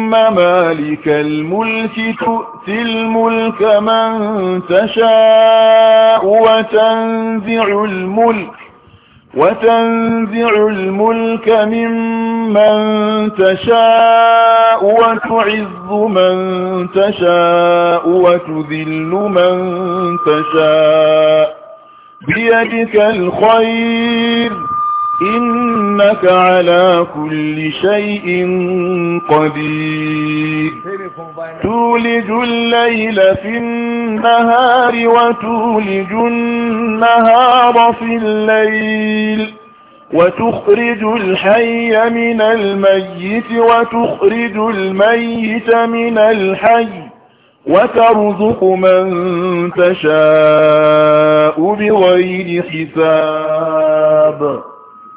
ثم مالك الملك تؤتي الملك من تشاء وتنزع الملك وتنزع الملك ممن تشاء وتعز من تشاء وتذل من تشاء بيدك الخير إنك على كل شيء قدير تولج الليل في النهار وتولج النهار في الليل وتخرج الحي من الميت وتخرج الميت من الحي وترزق من تشاء بغير حساب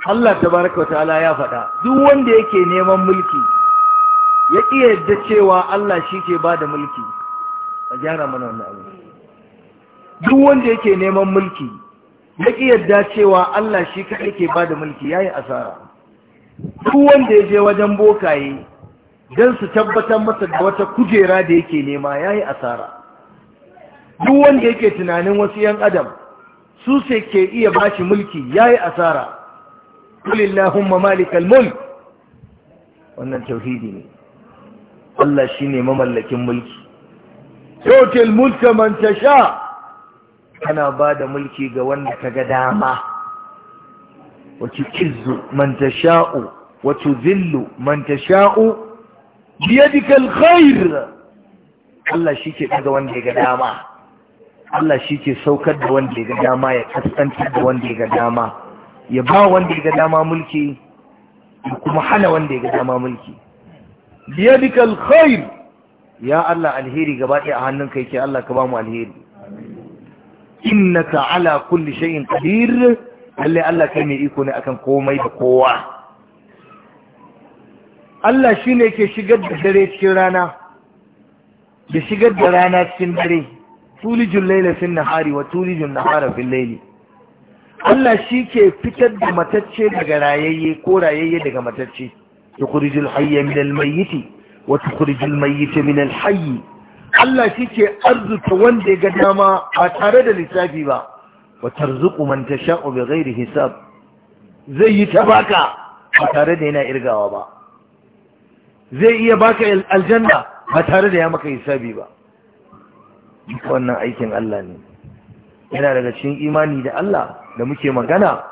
Allah ta baraka wa ta'ala ya faɗa duk wanda yake neman mulki ya ƙi yadda cewa Allah shi ke ba da mulki a gyara mana wannan abu duk wanda yake neman mulki ya ƙi yadda cewa Allah shi kaɗai ke ba da mulki ya yi asara duk wanda ya je wajen bokaye don su tabbatar masa da wata kujera da yake nema ya yi asara duk wanda yake tunanin wasu 'yan adam su sai ke iya bashi mulki ya yi asara kulillahumma malikal mulk wannan tauhidi ne Allah shine mamallakin mulki tutil mulka man tasha kana bada mulki ga wanda kaga dama wa kizu man tasha'u wa zillu man tasha'u biyadikal khair Allah shike daga wanda ya ga dama Allah shi ke saukar da wanda ya ga dama ya kaskantar da wanda ya ga dama ya ba wanda ya ga dama mulki ya kuma hana wanda ya ga dama mulki biyadikal khair ya Allah alheri gaba ɗaya a hannunka ke Allah ka ba mu alheri innaka ala kulli shay'in qadir lallai Allah kai mai iko ne akan komai da kowa Allah shine ke shigar da dare cikin rana da shigar da rana cikin dare tulijul laila fil nahari wa tulijul nahara fil laili Allah shi ke fitar da matacce daga rayayye ko rayayye daga matacce jil hayya min al-mayyiti wa jil mayyita min al Allah shi ke arzuta wanda ya ga dama ba tare da lissafi ba wa tarzuqu man tasha'u bighairi hisab zai yi baka ba tare da yana irgawa ba zai iya baka aljanna ba tare da ya maka hisabi ba wannan aikin Allah ne yana daga cikin imani da Allah da muke magana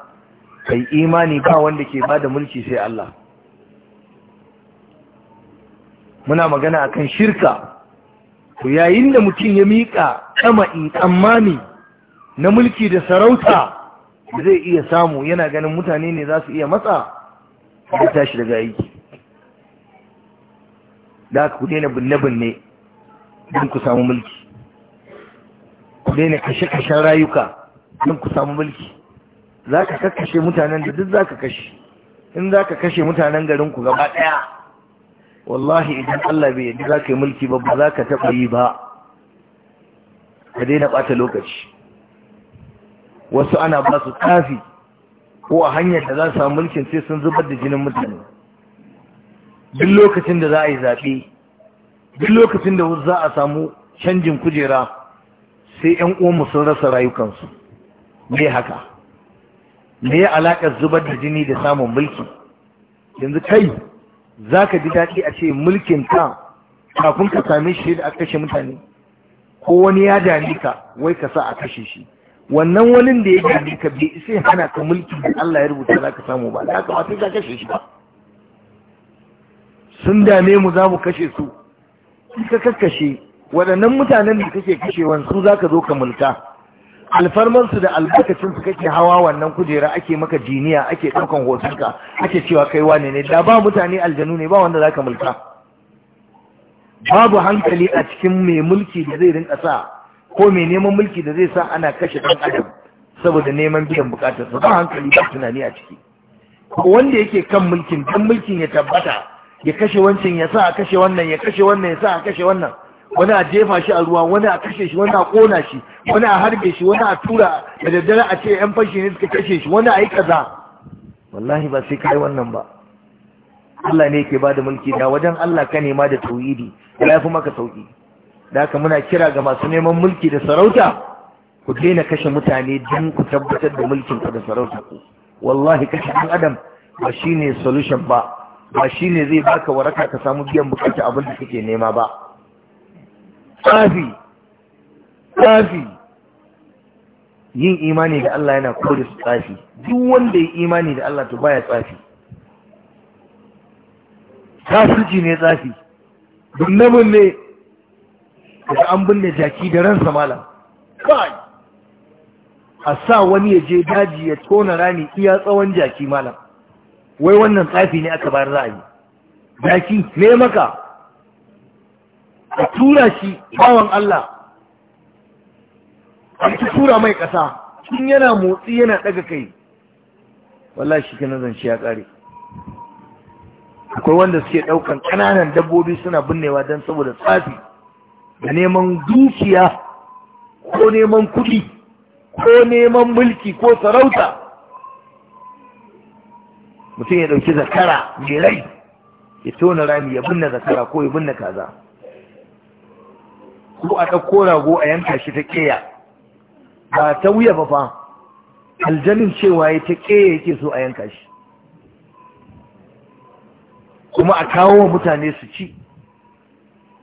kai imani ba wanda ke bada mulki sai Allah muna magana akan shirka to yayin da mutum ya miƙa tsama'in tsammani na mulki da sarauta zai iya samu yana ganin mutane ne za su iya matsa da tashi daga aiki da aka ku daina binne-binne don ku samu mulki daina kashe-kashen rayuka don ku samu mulki za ka kakashe mutanen da duk za ka kashe in za ka kashe mutanen garinku gaba daya wallahi idan Allah bai yadda za ka yi mulki ba ba za ka taɓa yi ba ka daina ɓata lokaci wasu ana ba su tafi ko a hanyar da za su samu mulkin sai sun zubar da jinin mutane duk lokacin da za a yi zaɓe duk lokacin da za a samu canjin kujera sai yan uwanmu sun rasa rayukansu me haka me alaƙar zubar da jini da samun mulki yanzu kai za ka ji daɗi a ce mulkin ka kafin ka same shi da a kashe mutane ko wani ya dame ka wai ka sa a kashe shi wannan wani da ya dami ka bai sai hana ka mulki da Allah ya rubuta za ka samu ba da haka ka kashe shi ba sun dame mu za mu kashe su ka kakkashe waɗannan mutanen da kake kashewan su za ka zo ka mulka alfarmarsu da albarkacinsu kake hawa wannan kujera ake maka jiniya ake ɗaukan hotunka ake cewa kai wane ne da ba mutane aljanu ne ba wanda za ka mulka babu hankali a cikin mai mulki da zai rinka sa ko mai neman mulki da zai sa ana kashe ɗan adam saboda neman biyan su. ba hankali ba tunani a ciki wanda yake kan mulkin dan mulkin ya tabbata ya kashe wancan ya sa a kashe wannan ya kashe wannan ya sa a kashe wannan wani a jefa shi a ruwa wani a kashe shi wani a kona shi wani a harbe shi wani a tura da daddare a ce yan fashi ne suka kashe shi wani a yi kaza wallahi ba sai kai wannan ba Allah ne yake bada mulki da wajen Allah ka nema da tauhidi ya fi maka sauki da haka muna kira ga masu neman mulki da sarauta ku daina kashe mutane don ku tabbatar da mulkin ku da sarauta ku wallahi kashe ɗan adam ba shine solution ba ba shine zai baka waraka ka samu biyan bukata abin da kake nema ba tsafi tsafi yin imani da Allah yana kore su tsafi duk wanda ya imani da Allah to baya tsafi kafirci ne tsafi dunnabin ne da an binne jaki da ransa malam kai a sa wani ya je daji ya tona rani iya tsawon jaki malam wai wannan tsafi ne aka bayar yi? jaki ne maka a tura shi bawan Allah a ci tura mai ƙasa tun yana motsi yana ɗaga kai Wala shi kana zan shi ya ƙare akwai wanda suke ɗaukan ƙananan dabbobi suna binnewa don saboda tsafi da neman dukiya ko neman kuɗi ko neman mulki ko sarauta mutum ya ɗauki zakara mai rai ya tona rami ya binne zakara ko ya binne kaza ko a ɗauko rago a yanka shi ta ƙeya ba ta wuya ba fa aljanin cewa ya ta ƙeya yake so a yanka shi kuma a kawo wa mutane su ci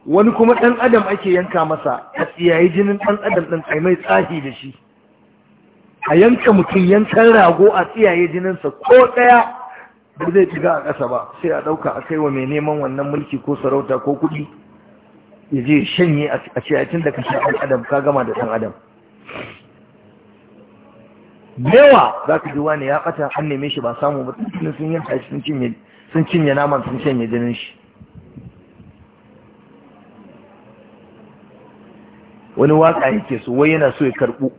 wani kuma ɗan adam ake yanka masa a tsiyayi jinin ɗan adam ɗin mai tsahi da shi a yanka mutum yankan rago a tsiyaye jininsa ko ɗaya ba zai shiga a ƙasa ba sai a ɗauka a kai wa mai neman wannan mulki ko sarauta ko kuɗi ya je shanye a cikin da kashi ɗan adam ka gama da ɗan adam yawa za ka ji wani ya ɓata an neme shi ba samu ba tunan sun yi tashi sun cinye naman sun shanye jinin shi wani waka yake so wai yana so ya karɓu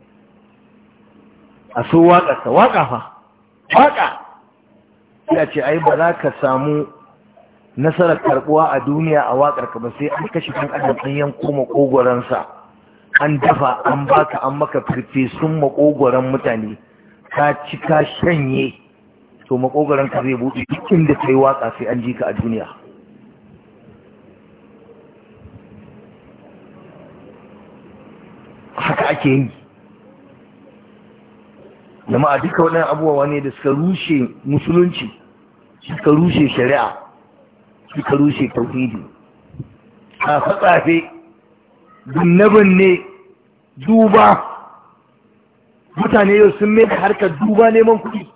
a so waƙarsa waƙa fa waƙa ya ce ai ba za ka samu nasarar karbuwa a duniya a wakar ka ba sai an kashe kan adam an yanko makogoransa an dafa an baka an maka firfesun makogoran mutane ka ci ka shanye to makogoran ka zai buɗe duk inda kai waka sai an ji ka a duniya haka ake yi jama'a duka waɗannan abubuwa ne da suka rushe musulunci suka rushe shari'a suka rushe tauhidi a tsafe dunnabin ne duba mutane yau sun mai harkar duba neman kuɗi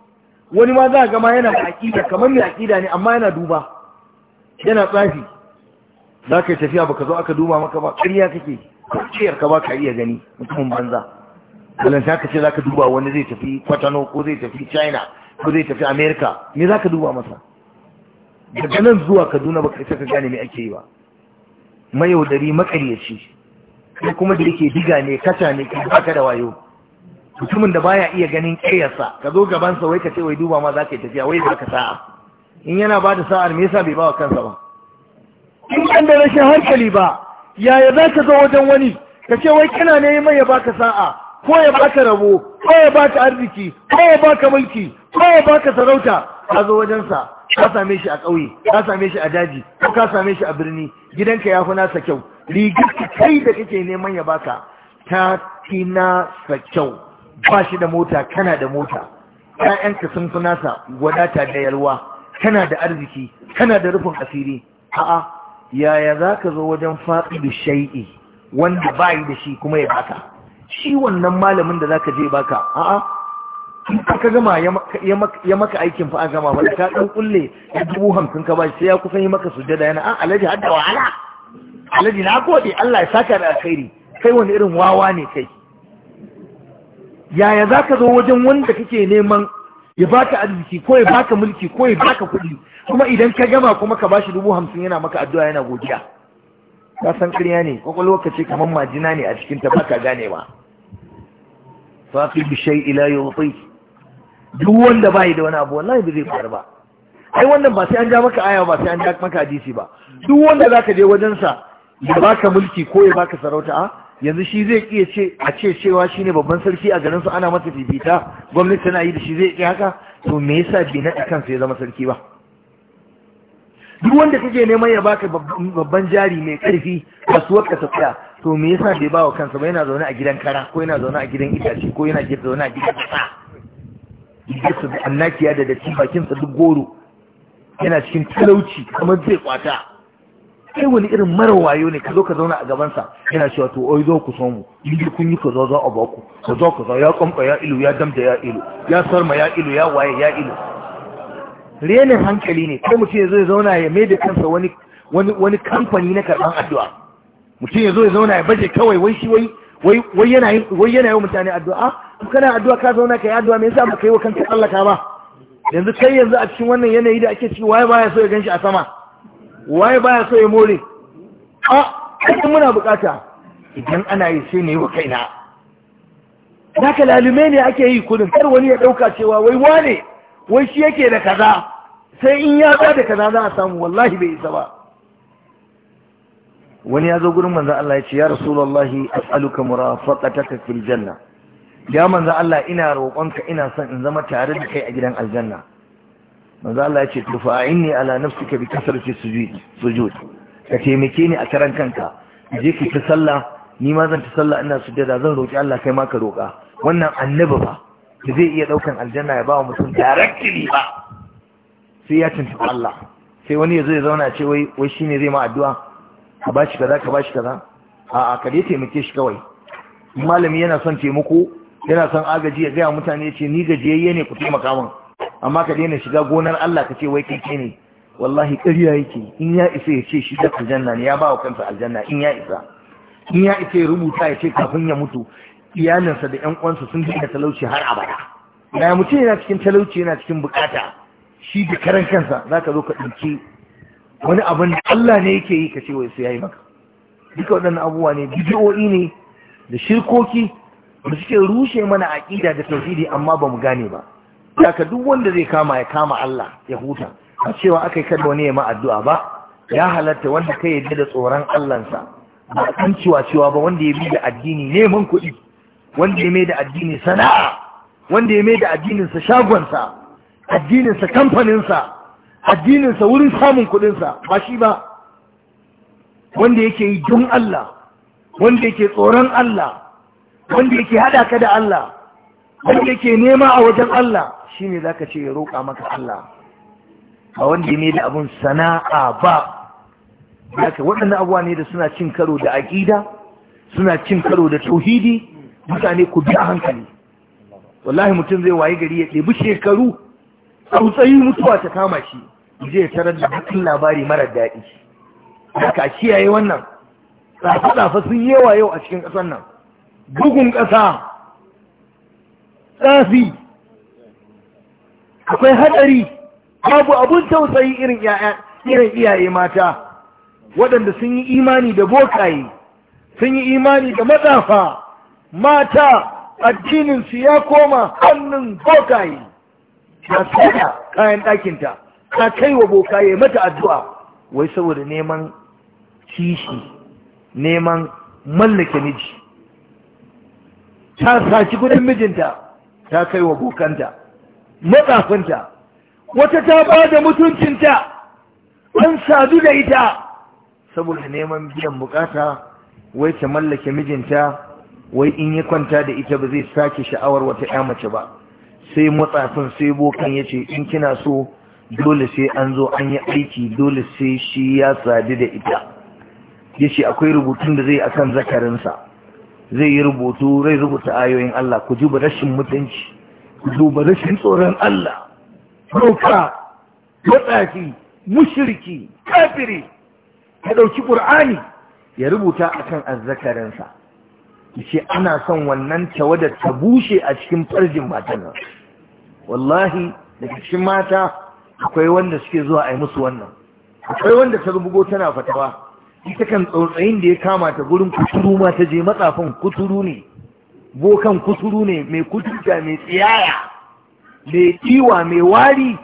wani ma za a gama yana da aƙida kamar mai aƙida ne amma yana duba yana tsafi za ka yi tafiya baka zo aka duba maka ba ƙarya kake ciyar ka ba ka iya gani mutumin banza balanta ka ce za ka duba wani zai tafi kwatano ko zai tafi china ko zai tafi america me za ka duba masa daga nan zuwa kaduna ba kai ka gane me ake yi ba mayaudari makaryaci kai kuma da yake diga ne kata ne kai baka da wayo mutumin da baya iya ganin ƙeyarsa ka zo gabansa wai ka ce wai duba ma za yi tafiya wai za sa'a in yana ba da sa'ar me yasa bai bawa kansa ba in kan da rashin hankali ba yaya za ka zo wajen wani ka ce wai kana ne mai ya baka sa'a ko ya baka rabo ko ya baka arziki ko ya baka mulki ko ya baka sarauta ka zo wajensa ka same shi a ƙauye ka same shi a daji ko ka same shi a birni gidanka ya fi nasa kyau rigar kai da kake neman ya baka ta fi nasa kyau ba shi da mota kana da mota ƴaƴanka sun fi nasa wadata da yalwa kana da arziki kana da rufin asiri a'a yaya za ka zo wajen faɗi shai'i wanda ba yi da shi kuma ya baka shi wannan malamin da za ka je baka a'a ka gama ya maka aikin fa'a gama ba ta ɗan kulle ya dubu hamsin ka ba sai ya kusan yi maka sujada yana an ah, alaji har da wahala alaji na gode Allah ya saka da alkhairi kai wani irin wawa ne kai yaya za ka zo wajen wanda kake neman ya baka arziki ko ya baka mulki ko ya baka kuɗi kuma idan ka gama kuma ka bashi dubu hamsin yana maka addu'a yana godiya ka san ƙarya ne kwakwalwa ka ce kamar majina ne a cikin ta baka ganewa fa fi bishai ila yau duk wanda ba yi da wani abu wallahi ba zai faru ba ai wannan ba sai an ja maka aya ba sai an ja maka hadisi ba duk wanda zaka je wajen sa ya baka mulki ko ya baka sarauta a yanzu shi zai iya ce a ce cewa shine babban sarki a garin su ana masa fifita gwamnati tana yi da shi zai iya haka to me yasa bai naɗa kansa ya zama sarki ba duk wanda kake neman ya baka babban jari mai karfi kasuwar ka tafiya to me yasa bai ba wa kansa ba yana zaune a gidan kara ko yana zaune a gidan itace ko yana zaune a gidan kasa jikinsa da annakiya da datti bakinsa duk goro yana cikin talauci kamar zai kwata kai wani irin mara wayo ne ka zo ka zauna a gabansa yana cewa to oi zo ku so mu in kun yi zo za a ba ku ka zo ya kwamfa ya ilu ya damda ya ilu ya sarma ya ilu ya waye ya ilu renin hankali ne kai mutum ya zo ya zauna ya mai da kansa wani wani kamfani na karɓan addu'a mutum ya zo ya zauna ya baje kawai wai shi wai wai yana yin mutane addu'a kana addu'a ka zauna ka yi addu'a me yasa baka yi wa kanka tsallaka ba yanzu kai yanzu a cikin wannan yanayi da ake ci waye baya so ya ganshi a sama waye baya so ya more a kai muna bukata idan ana yi sai ne wa kaina naka lalume ne ake yi kudin kar wani ya dauka cewa wai wane wai shi yake da kaza sai in ya ba da kaza za a samu wallahi bai isa ba wani ya zo gurin manzon Allah ya ce ya rasulullahi as'aluka murafaqataka fil janna ya manzo Allah ina roƙonka ina son in zama tare da kai a gidan aljanna manzo Allah ya ce to fa'inni ala nafsika bi kasrati sujud sujud ka taimake ni a karan kanka je ki ta sallah ni ma zan ta sallah ina sujjada zan roƙi Allah kai ma ka roƙa wannan annabi ba zai iya ɗaukan aljanna ya ba wa mutum directly ba sai ya tuntuɓi Allah sai wani ya ya zauna ce wai wai shine zai ma addu'a ka bashi kaza ka bashi kaza a'a ka dai taimake shi kawai malami yana son taimako yana son agaji ya gaya mutane ce ni gajiyayye ne ku taimaka min amma ka daina shiga gonar Allah ka ce wai kai ne wallahi ƙarya yake in ya isa ya ce shi da aljanna ne ya ba wa kansa aljanna in ya isa in ya isa ya rubuta ya ce kafin ya mutu iyalinsa da ƴan uwansa sun daina talauci har abada na mutum yana cikin talauci yana cikin bukata shi da karan kansa za ka zo ka ɗauki wani abin da Allah ne yake yi ka ce wai sai ya yi maka duka waɗannan abubuwa ne bidiyo'i ne da shirkoki da suke rushe mana aƙida da tauhidi amma ba mu gane ba daga duk wanda zai kama ya kama Allah ya huta a cewa aka yi kada wani ya ma addu'a ba ya halatta wanda kai yadda da tsoron Allahnsa ba kan cewa cewa ba wanda ya bi da addini neman kuɗi wanda ya mai da addini sana'a wanda ya mai da addininsa shagonsa addininsa kamfaninsa addininsa wurin samun kuɗinsa ba shi ba wanda yake yi don Allah wanda yake tsoron Allah wanda yake hada ka da Allah wanda yake nema a wajen Allah shi ne za ka ce ya roƙa maka Allah a wanda ne da abin sana'a ba ya ka waɗannan abuwa ne da suna cin karo da aƙida suna cin karo da tauhidi mutane ku bi a hankali wallahi mutum zai wayi gari ya ɗebi shekaru tsautsayi mutuwa ta kama shi zai tarar da hakan labari marar daɗi ka kiyaye wannan tsafe-tsafe sun yi yawa yau a cikin ƙasar nan bugun ƙasa tsafi akwai haɗari babu abun tausayi irin iyaye mata waɗanda sun yi imani da bokaye sun yi imani da matsafa mata addininsu ya koma hannun bokaye ta tsada kayan ɗakinta ta kai wa bokaye mata addu'a wai saboda neman kishi neman mallake miji ta saki kudin mijinta ta kai wa bukanta matsafinta wata ta ba da mutuncinta an sadu da ita saboda neman biyan bukata wai ta mallake mijinta wai in yi kwanta da ita ba zai sake sha'awar wata ya mace ba sai matsafin sai bokan ya ce in kina so dole sai an zo an yi aiki dole sai shi ya sadu da ita ya ce akwai rubutun da zai akan zakarinsa zai yi rubutu zai rubuta ayoyin Allah ku duba rashin mutunci ku duba rashin tsoron Allah roka matsaki, mushriki kafiri ya ɗauki ƙur'ani ya rubuta akan azzakarinsa ce ana son wannan da ta bushe a cikin farjin matan wallahi daga cikin mata akwai wanda suke zuwa a yi musu wannan akwai wanda ta rubugo tana fatawa ita kan tsautsayin da ya kama ta gurin kuturu ma ta je matsafin kuturu ne bokan kuturu ne mai kuturta mai tsiyaya mai tiwa mai wari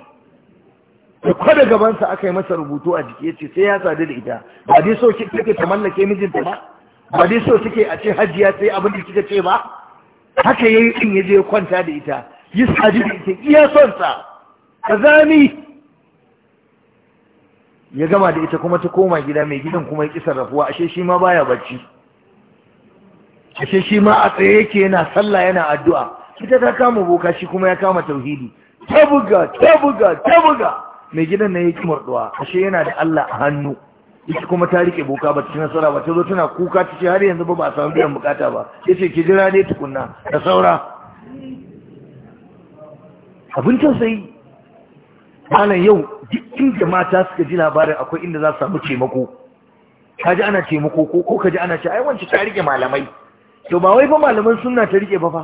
da kwada gabansa aka yi masa rubutu a jiki ya ce sai ya sadu da ita ba dai so take ta mallake mijinta ba ba dai so suke a ce ya sai abin da kika ce ba haka yayi in ya je kwanta da ita yi sadu da ita iya son sa kazami ya gama da ita kuma ta koma gida mai gidan kuma ya kisar rafuwa ashe shi ma baya bacci ashe shi ma a tsaye yake yana sallah yana addu'a ita ta kama boka shi kuma ya kama tauhidi ta buga ta buga ta buga mai gidan nan yake murduwa ashe yana da Allah a hannu ita kuma ta rike boka ba ta ci nasara ba ta zo tana kuka ta ce har yanzu ba ba a samu biyan bukata ba Ya ce ki jira ne tukunna da saura abin tausayi malam yau duk inda mata suka ji labarin akwai inda za su samu taimako ka ji ana taimako ko ko ka ji ana ce ai wance ta rike malamai to ba wai ba malaman sunna ta rike ba fa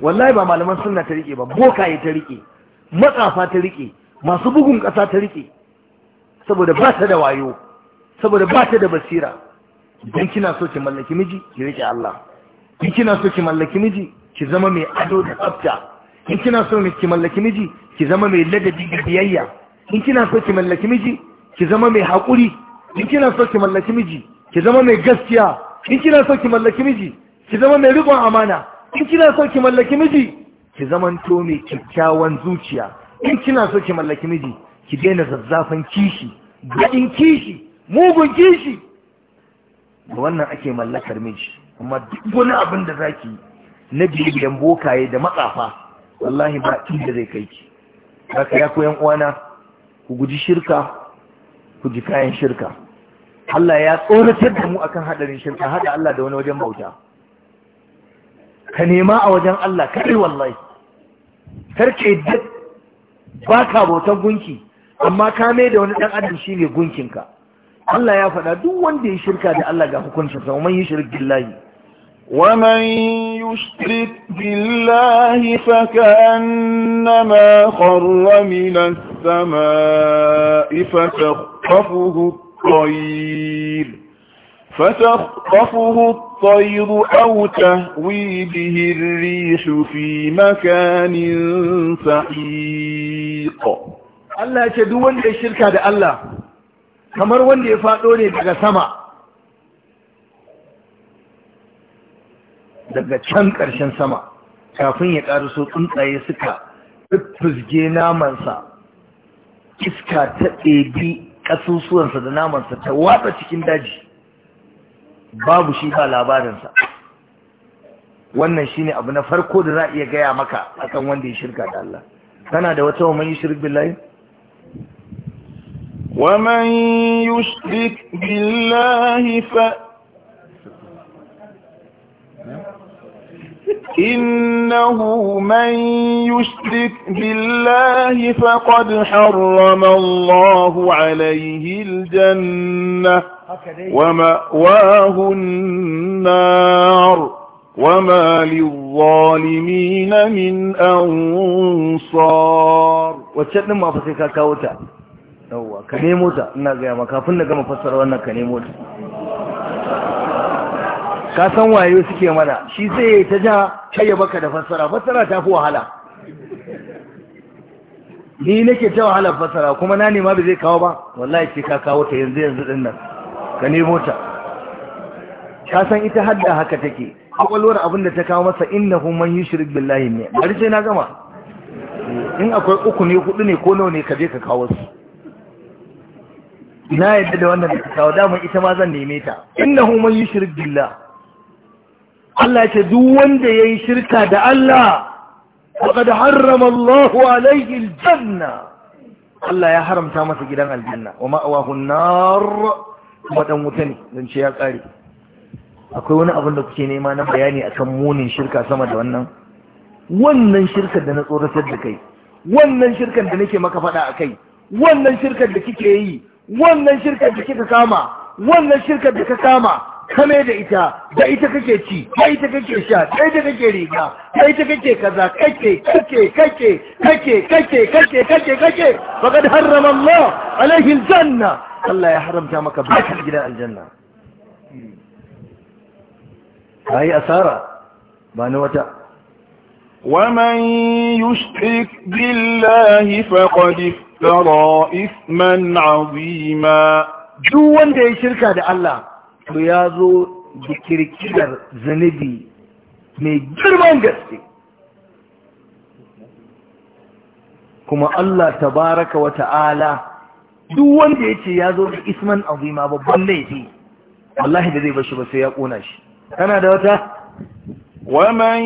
wallahi ba malaman sunna ta rike ba ya ta rike matsafa ta rike masu bugun ƙasa ta rike saboda ba ta da wayo saboda ba ta da basira idan kina so ki mallaki miji ki rike Allah in kina so ki mallaki miji ki zama mai ado da tsafta in kina so ki mallaki miji ki zama mai ladabi da biyayya in kina so ki mallaki miji ki zama mai haƙuri in kina so ki mallaki miji ki zama mai gaskiya in kina so ki mallaki miji ki zama mai riƙon amana in kina so ki mallaki miji ki zama to mai kyakkyawan zuciya in kina so ki mallaki miji ki daina zazzafan kishi gaɗin kishi mugun kishi da wannan ake mallakar miji amma duk wani abin da zaki na bibiyan bokaye da matsafa wallahi ba inda zai kai ki haka ya koyan uwana ku guji shirka ku ji kayan shirka Allah ya tsoratar da mu akan haɗarin shirka "Haɗa Allah da wani wajen bauta ka nema a wajen Allah kai wallahi karke duk baka bautan gunki amma ka mai da wani dan adam shine gunkinka Allah ya faɗa duk wanda ya shirka da Allah ga hukuncin sa man yushrik billahi ومن يشرك بالله فكأنما خر من السماء فتخطفه الطير فتخطفه الطير أو تهوي به الريح في مكان سحيق الله يشهد وانده الشركة الله كمر وانده فاتوني بقى سماء daga can ƙarshen sama kafin ya ƙaruso tsuntsaye suka fuzge namansa iska ta ɗebi ƙasusuwansa da namansa ta watsa cikin daji babu shi ba labarinsa wannan shi ne abu na farko da za a iya gaya maka akan wanda ya shirka da Allah kana da wata wa mai yi shirk billahi wa man yushrik billahi fa إنه من يشرك بالله فقد حرم الله عليه الجنة ومأواه النار وما للظالمين من أنصار وشأن ما فسيكا كاوتا كنيموتا nemo ta كافلنا كما ma kafin كنيموتا ka san wayo suke mana shi sai ya ta ja yi baka da fassara fassara ta fi wahala ni nake ta wahala fassara kuma na nema ba zai kawo ba wallahi ce ka kawo ta yanzu yanzu din nan ka nemo ta ka san ita hadda haka take akwalwar abin da ta kawo masa Inna innahu man yushrik billahi ne bari sai na gama in akwai uku ne hudu ne ko nawa ne ka je ka kawo su na yadda da wannan da kawo damar ita ma zan neme ta innahu man yushrik billahi Allah ce duk wanda ya yi shirka da Allah faƙad harrama Allah alaihi aljanna Allah ya haramta masa gidan aljanna wa ma'awahu nar kuma dan wuta ne don ce ya ƙare. akwai wani abin da kuke nema na bayani akan munin shirka sama da wannan wannan shirkar da na tsoratar da kai wannan shirkar da nake maka faɗa a kai wannan shirkar da kike yi wannan shirkar da kika kama wannan shirkar da ka kama kame da ita da ita kake ci da ita kake sha da ita kake riga da ita kake kaza kake kake kake kake kake kake kake kake faqad harrama Allah alaihi janna Allah ya haramta maka bakin gidan aljanna kai asara ba na wata ومن يشرك بالله فقد افترى اثما عظيما duk wanda ya shirka da Allah to ya zo da kirkirar zunubi mai girman gaske kuma Allah tabaraka wa ta'ala duk wanda ya ce ya zo da isman azima babban laifi wallahi da zai bashi ba sai ya kona shi kana da wata ومن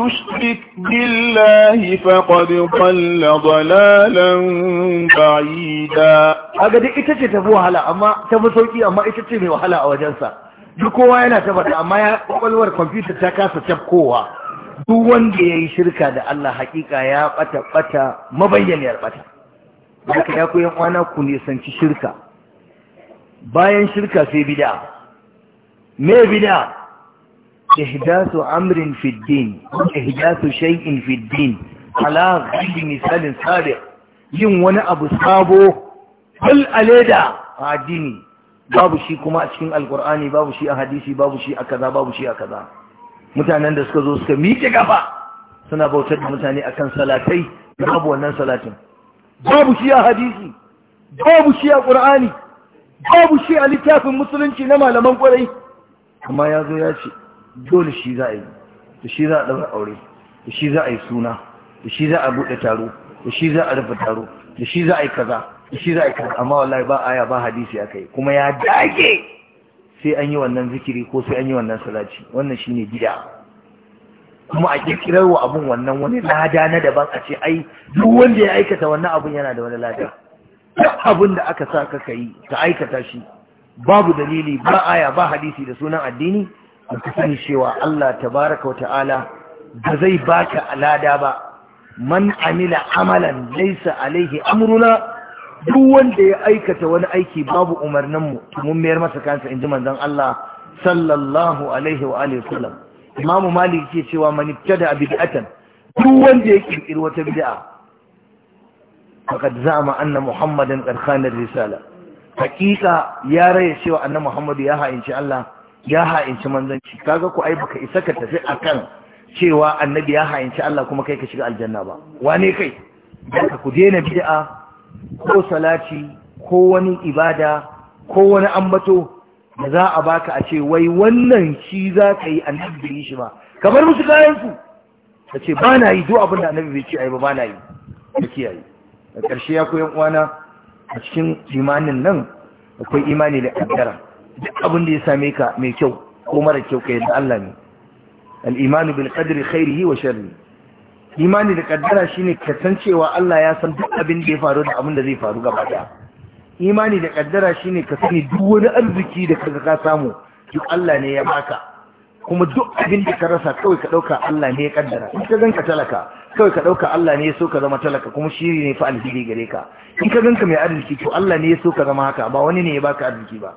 يشرك بالله فقد ضل ضلالا بعيدا kaga duk ita ce tafi wahala amma sauki amma ita ce mai wahala a sa duk kowa yana tabbata amma ya kwalwar kwamfuta ta kasa tafkowa duk wanda yayi shirka da Allah hakika ya bata bata mabayyaniyar bata haka ya koyan kwana ku nisanci shirka bayan shirka sai bida me bida ihdasu amrin fi din ihdasu shay'in fi din ala ghairi misalin sabiq yin wani abu sabo bal aleda addini babu shi kuma a cikin alkur'ani babu shi a hadisi babu shi a kaza babu shi a kaza mutanen da suka zo suka miƙe gaba suna bautar da mutane akan salatai babu wannan salatin babu shi a hadisi babu shi a ƙur'ani, babu shi a littafin musulunci na malaman ƙwarai. amma ya zo ya ce dole shi za a yi da shi za a ɗaura aure da shi za a yi suna da shi za a buɗe taro da shi za a rufe taro da shi za a yi kaza da shi za a yi kaza amma wallahi ba aya ba hadisi aka yi kuma ya dage sai an yi wannan zikiri ko sai an yi wannan salati wannan shi ne gida. kuma a kirkirar wa abun wannan wani lada na daban a ce ai duk wanda ya aikata wannan abun yana da wani lada duk abun da aka sa ka yi ka aikata shi babu dalili ba aya ba hadisi da sunan addini da ka sani cewa Allah tabaraka wa ta'ala ba zai baka alada ba man amila amalan laisa alaihi amruna duk wanda ya aikata wani aiki babu umarninmu mun mayar masa kansa inji manzon Allah sallallahu alaihi wa alihi wasallam imamu malik ke cewa man ibtada bid'atan duk wanda ya kirkiri wata bid'a faqad zama anna muhammadan qad khana risala hakika ya raya cewa annabi Muhammadu ya ha'inci Allah ya ha'inci manzanci kaga ku ai baka isa ka tafi akan cewa annabi ya ha'inci Allah kuma kai ka shiga aljanna ba wane kai ka ku daina bid'a ko salati ko wani ibada ko wani ambato da za a baka a ce wai wannan shi za ka yi annabi bai shi ba kamar musu kayan su ka ce ba na yi duk abin da annabi bai ce ai ba ba na yi ka kiyaye a ƙarshe ya koyan uwana a cikin imanin nan akwai imani da kaddara duk abin da ya same ka mai kyau ko mara kyau ka yadda Allah ne al-imanu bil qadri khairihi wa sharri imani da kaddara shine kasancewa Allah ya san duk abin da ya faru da abin da zai faru gaba daya imani da kaddara shine ka sani duk wani arziki da kaga ka samu duk Allah ne ya baka kuma duk abin da ka rasa kawai ka dauka Allah ne ya kaddara in ka ganka talaka kawai ka dauka Allah ne ya so ka zama talaka kuma shiri ne fa alhiri gare ka in ka ganka mai arziki to Allah ne ya so ka zama haka ba wani ne ya baka arziki ba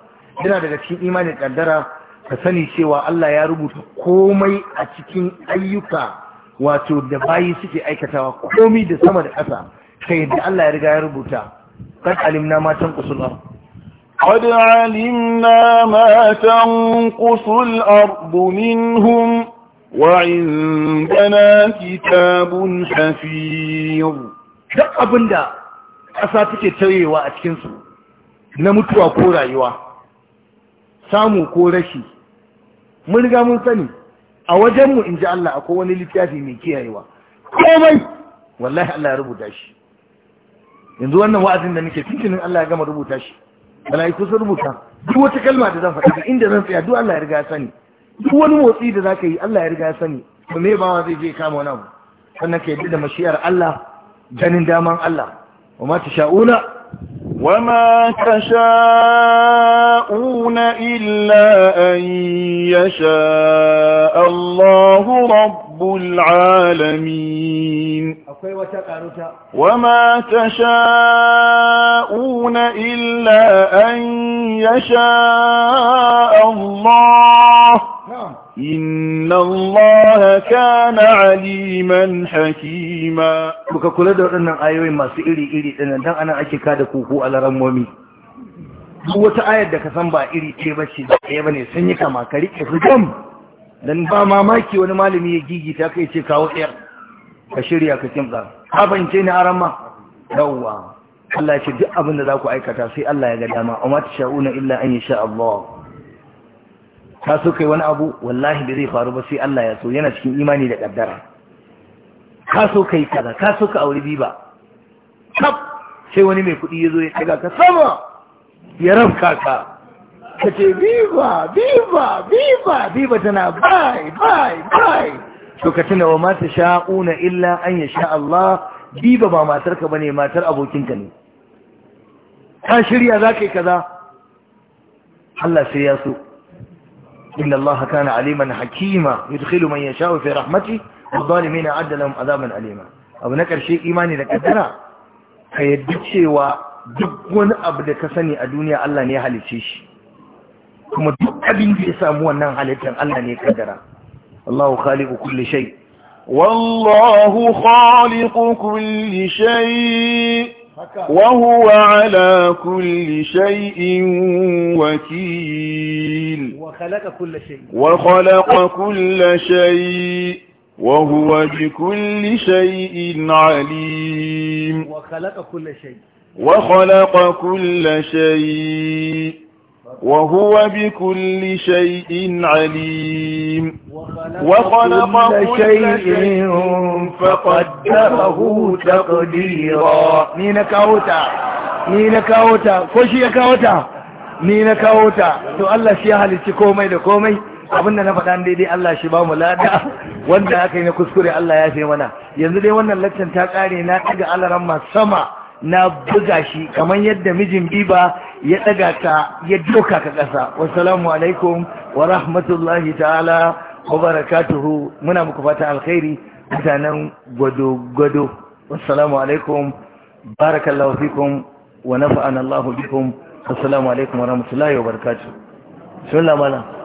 yana daga cikin imanin kaddara ka sani cewa Allah ya rubuta komai a cikin ayyuka wato da bayi suke aikatawa komai da sama da ƙasa kai da Allah ya riga ya rubuta kan alimna matan kusurar قد علمنا ما تنقص الأرض منهم وعندنا كتاب حفير duk abinda ƙasa suke tarewa a cikinsu na mutuwa ko rayuwa samu ko rashi mun riga mun sani a wajenmu in ji Allah akwai wani littafi mai kiyayewa komai wallahi Allah ya rubuta shi yanzu wannan wa'azin da nake tuntunin Allah ya gama rubuta shi ku sun rubuta duk wata kalma da zan faɗa inda zan tsaya duk Allah ya riga sani duk wani motsi da zaka yi Allah ya riga ya sani to me ba zai je kama wani abu sannan ka yadda da mashiar Allah ganin daman Allah wa ma tasha'una وما تشاءون إلا أن يشاء الله رب العالمين وما تشاءون إلا أن يشاء الله نعم. إن الله كان عليما حكيما بك كل دور أن iri ما سئلي إلي أن أنا أكي kuku a على رمومي duk wata ayar da ka san ba iri ce ba ce ɗaya ba ne sun yi kama ka riƙe su dan ba mamaki wani malami ya gigi ta kai ce kawo iyar. ka shirya ka kimtsa ka fahimce ni aran ma yawwa Allah ya ce duk abin da za ku aikata sai Allah ya ga dama amma ta sha'una illa an yasha Allah ka so kai wani abu wallahi da zai faru ba sai Allah ya so yana cikin imani da ƙaddara ka so kai kaza ka so ka auri biba tab sai wani mai kuɗi ya zo ya ɗaga ka sama ya rafka ka ka ce biba biba biba biba tana bai bai bai to ka tuna wa mata sha'una illa an ya sha Allah biba ba matarka bane matar abokinka ne ka shirya za ka yi kaza Allah sai ya so إن الله كان عليما حكيما يدخل من يشاء في رحمته والظالمين أعد لهم عذابا أليما abu na ƙarshe imani da ƙaddara ka yadda cewa duk wani abu da ka sani a duniya Allah ne ya halice shi kuma duk abin da ya samu wannan halittar Allah ne ya ƙaddara Allahu khaliqu kulli shay wallahu khaliqu kulli shay وهو على كل شيء وكيل وخلق كل شيء وهو بكل شيء عليم وخلق كل شيء وخلق كل شيء وهو بكل شيء عليم وخلق كل شيء فقدره تقديرا نينا كاوتا نينا كاوتا كوشي كاوتا نينا كاوتا تو الله شي halicci komai da komai abinda na faɗa daidai Allah shi ba mu lada wanda aka yi na kuskure Allah ya fi mana yanzu dai wannan laccan ta ƙare na ɗaga alaran sama na buga shi kamar yadda mijin biba ya daga ka ya doka ka kasa wassalamu alaikum wa rahmatullahi ta'ala wa barakatuhu muna muku fata alkhairi mutanen gwado gwado wassalamu alaikum barakallahu fikum wa nafa'ana Allahu bikum assalamu alaikum wa rahmatullahi wa barakatuhu sun lamala